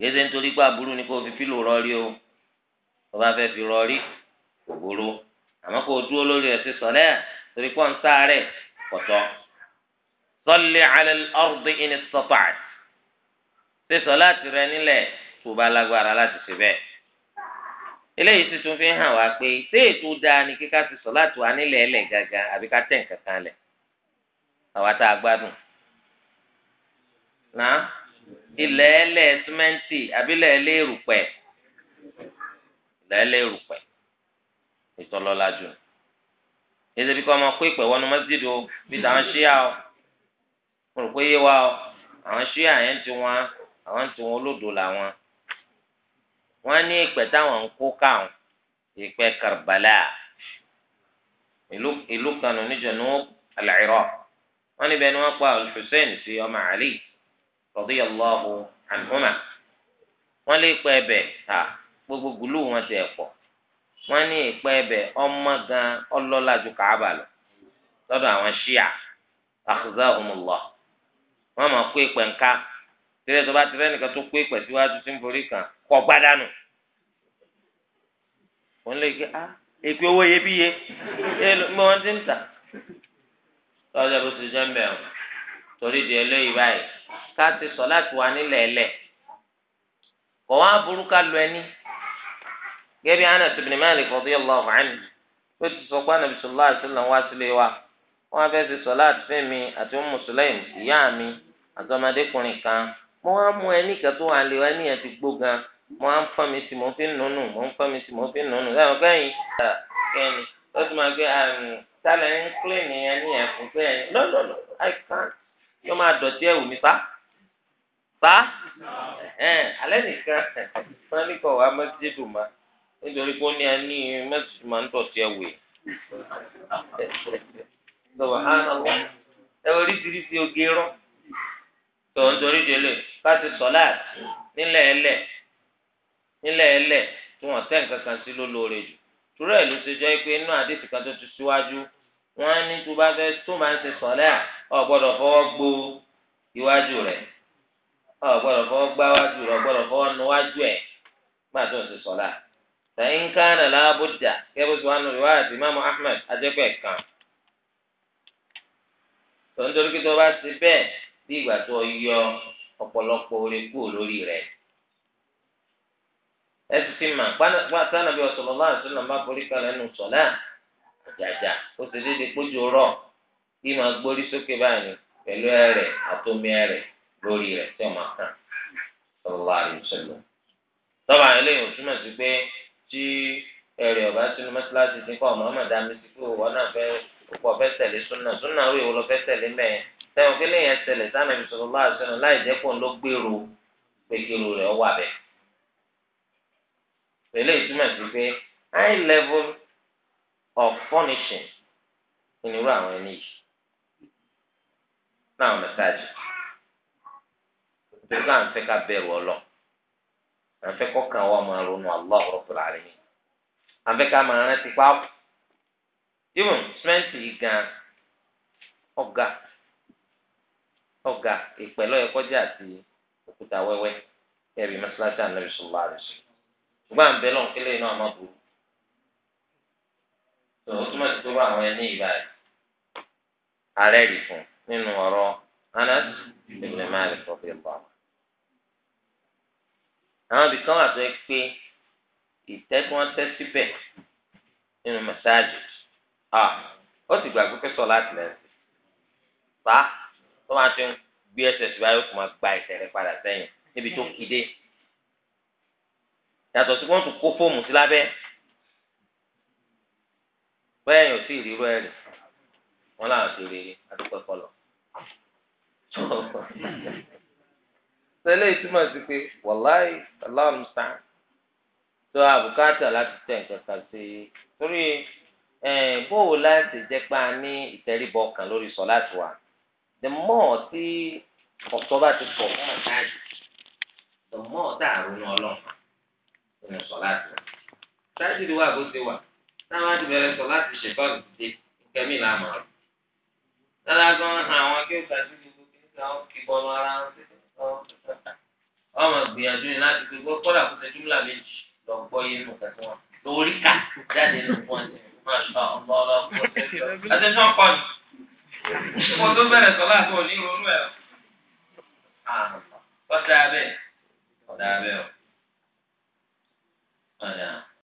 yéé ṣe nítorí pé aburú ni kò fi pílò rọrí o tó bá fẹ́ fi rọrí kò burú àmọ́ kò dúró lórí ẹ̀ ṣe sọ̀rẹ́ torí pọ́ńsáà rẹ̀ pọ̀tọ́ salli ala al-ardi in istata'ta ṣe sọláàtì rẹ nílẹ̀ tó bá lágbára láti ṣe bẹ́ẹ̀. eléyìí sì tún fi hàn wá pé ṣé ètò dáa ni kíkà sí sọláàtì wa nílẹ̀ ẹlẹ̀ gangan àbí ká tẹ̀ nǹkan kan lẹ̀ àwa tá a gbádùn. náà ilẹ̀ ẹlẹ̀ símẹ́ǹtì àbí ẹlẹ́ èrùpẹ̀ ilẹ̀ ẹlẹ́ èrùpẹ̀ ìtọ́lọ́lá jù. èdè bí kò ọmọ kó ìpẹ̀wọ́nu mọ́sídìí o bí táwọn ṣíyà o mo rò pé yé wa ọ àwọn ṣúyà yẹn ti wọn àwọn ti wọn olódò làwọn wọn ní ìpẹ táwọn ń kó káwọn ìpẹ Karbala ìlú ìlú kan ní Junub al-Iraq wọn níbẹ̀ ni wọ́n pa al sí ọmọ Ali radiyallahu anhuma wọn lè pẹ ẹbẹ ta gbogbo gùlù wọn ti ẹ pọ wọn ní ìpẹ ẹbẹ ọmọ gan ọlọ́lá ju Kaaba lọ lọ́dọ̀ àwọn ṣíà akhzahumullah wọ́n máa kó ìpè ńká tẹ́lẹ̀ tó bá ti rẹ́nìkan tó kó ìpè síwájú tí ń forí kan kọ́ gbádànù. wọ́n lè ké ah èpè owó iyebíye mọ wọ́n ti ń tà. lọ́jọ́ bó ti jẹ́ mbẹ́ o torí di eléyìí báyìí ká ti sọ láti wà nílẹ̀ ẹ̀lẹ̀ kọ̀ wá burú ká lu ẹni gẹ́gẹ́ bí Anas ibn Malik radiyallahu anhu ó ti sọ pé Ànábì sallallahu alaihi wasallam wá sílé wa wọ́n á fẹ́ ṣe sọ́láàt fẹ́mi àti Ummu Sulaim ìyá mi àtọmọdékùnrin kan mo wá mú ẹnì kan tó wà lé wa ẹnì yẹn ti gbó gan mo wá ń fọ́n mi tí mo fi ń nùnù mo ń fọ́n mi tí mo fi ń nùnù láwọn kẹ́yìn kẹ́yìn lọ́dún máa gbé um, sálẹ̀ ń kílè ní ẹni yẹn fún pé ẹni lọ́lọ́lọ́ àìsàn yóò máa dọ̀tí ẹ̀wù mi pa pa alẹ́ nìkan wọ́n ní kọ̀ wá mọ́tíjẹ́dù nítorí pé ó ní ẹni mọ́tíjẹ́dù máa ń dọ̀tí ẹ̀wù yìí subhanallah ẹ oríṣiríṣi oge rọ tó ń torí délé láti sọlá nílẹ̀ ẹlẹ̀ nílẹ̀ ẹlẹ̀ tí wọ́n tẹ́ nǹkan kan sí ló lóore jù túrọ̀ ẹ̀ ló ṣe jẹ́ pé inú àdéhùn kan tó ti síwájú wọ́n á ní tó bá fẹ́ tó máa ń ṣe sọlá ò gbọ́dọ̀ fọwọ́ gbó iwájú rẹ̀ ò gbọ́dọ̀ fọwọ́ gbá wájú rẹ̀ ò gbọ́dọ̀ fọwọ́ nu wájú ẹ̀ má tó ń ṣe sọlá. sàyìn kánà lábùjá kẹ́bùsùn wánu ìwádìí Imam Ahmad adẹ́pẹ̀ kan tó ń torí pé tó bá ti bẹ́ẹ̀ bí ìgbà tó yọ ọ̀pọ̀lọpọ̀ orí kúrò lórí rẹ̀ ẹ ti fi mà pátánàbí sallallahu alaihi wasallam bá borí kalẹ̀ nù sọ̀lá àjàjà ó ti dédé kójú rọ̀ kí máa gbórí sókè báyìí pẹ̀lú ẹ̀rẹ̀ àtomi ẹ̀rẹ̀ lórí rẹ̀ tí ọmọ kan sallallahu alaihi wasallam tọ́ba eléyìí ò túmọ̀ sí pé tí ẹ̀rẹ̀ ọ̀bá sínú mọ́tíláṣí ti kọ́ ọmọ òkú ọ̀fẹ́ tẹ̀lé súnà súnà rú èwo lọ fẹ́ tẹ̀lé mẹ́ẹ̀ sẹ́wọ̀n kí lèèyàn tẹ̀lé sáànà bí sọ̀rọ̀ láàrin sọ̀rọ̀ láì jẹ́ pọ̀ ló gbèrò gbègbèrò rẹ̀ ọwọ́ abẹ. pẹ̀lú ìtumọ̀ sí pé high level of furnishing onírú àwọn ẹni yìí náà mẹ́sáàgì nítorí káà ń fẹ́ ká bẹ̀rù ọlọ́ à ń fẹ́ kọ́kàn máa ronú Allah Rabbul Alamin à ń fẹ́ ká máa rántí pápá even sìmẹ́ǹtì gan ọ̀gá ọ̀gá ìpẹ̀lọ́ ẹ̀kọ́jà àti òkúta wẹ́wẹ́ ẹ̀rí mọ́sálásí ànábì sọ̀rọ̀ àrùsọ. ṣùgbọ́n à ń bẹ lọ́n kílẹ̀ iná àmọ́ burú. tó o túmọ̀ sí tó bá àwọn ẹni ìgbà rẹ̀ ààrẹ rì fún nínú ọ̀rọ̀ Anas ibn Malik radiyallahu anhu. àwọn ibì wà tó yẹ pé ìtẹ́ tí síbẹ̀ nínú mẹ́sáàgì ah, ó sì gbàgbé pé sọ láti lẹ sí pa tó máa ti ń gbé ẹsẹ̀ síwájú kó máa gba ẹsẹ̀ rẹ padà sẹ́yìn níbi tó hmm. kéde yàtọ̀ sí wọ́n tún kó fóòmù sí lábẹ́ bẹ́ẹ̀ yóò sì rí irú ẹ̀rì wọn làwọn ti rí adúpẹ́ kọlọ. tẹ́lẹ̀ ìtumọ̀ sí pé wàláì aláàmùsà tó àbùkátà láti tẹ̀ nǹkan kan sí i torí bóò láti jẹ́ pé a ní ìtẹríbọ kan lórí sọ̀láàtì wa the more tí ọ̀tọ́ bá ti pọ̀ fún àtàjì the more tá a ronú ọlọ́run nínú sọ̀láàtì wa sáájì ni wà bó ṣe wà táwọn á ti bẹ̀rẹ̀ sọ̀láàtì ṣèkọ́ọ̀lù ti dé nǹkan mìíràn àmọ́ rẹ̀ lára gan àwọn akéwòsàn àti gbogbo kí wọ́n kí bọ́ọ̀lù ara wọn ṣe ọmọ gbìyànjú ni láti gbogbo kọ́dà kó ṣe júmùlà méjì lọ́gbọ́ yé nù kẹ́kọ̀ọ́ lórí ká jáde nù fún ọ̀sẹ̀. Màṣá ọ̀pọ̀ ọlọ́pọ̀ ọ̀sẹ̀. Àti sọ́n kọ́ ni. Mo tó bẹ̀rẹ̀ sọ láti òní ronú ẹ̀. Ọ̀dà abẹ́. Ọ̀dà abẹ́ o.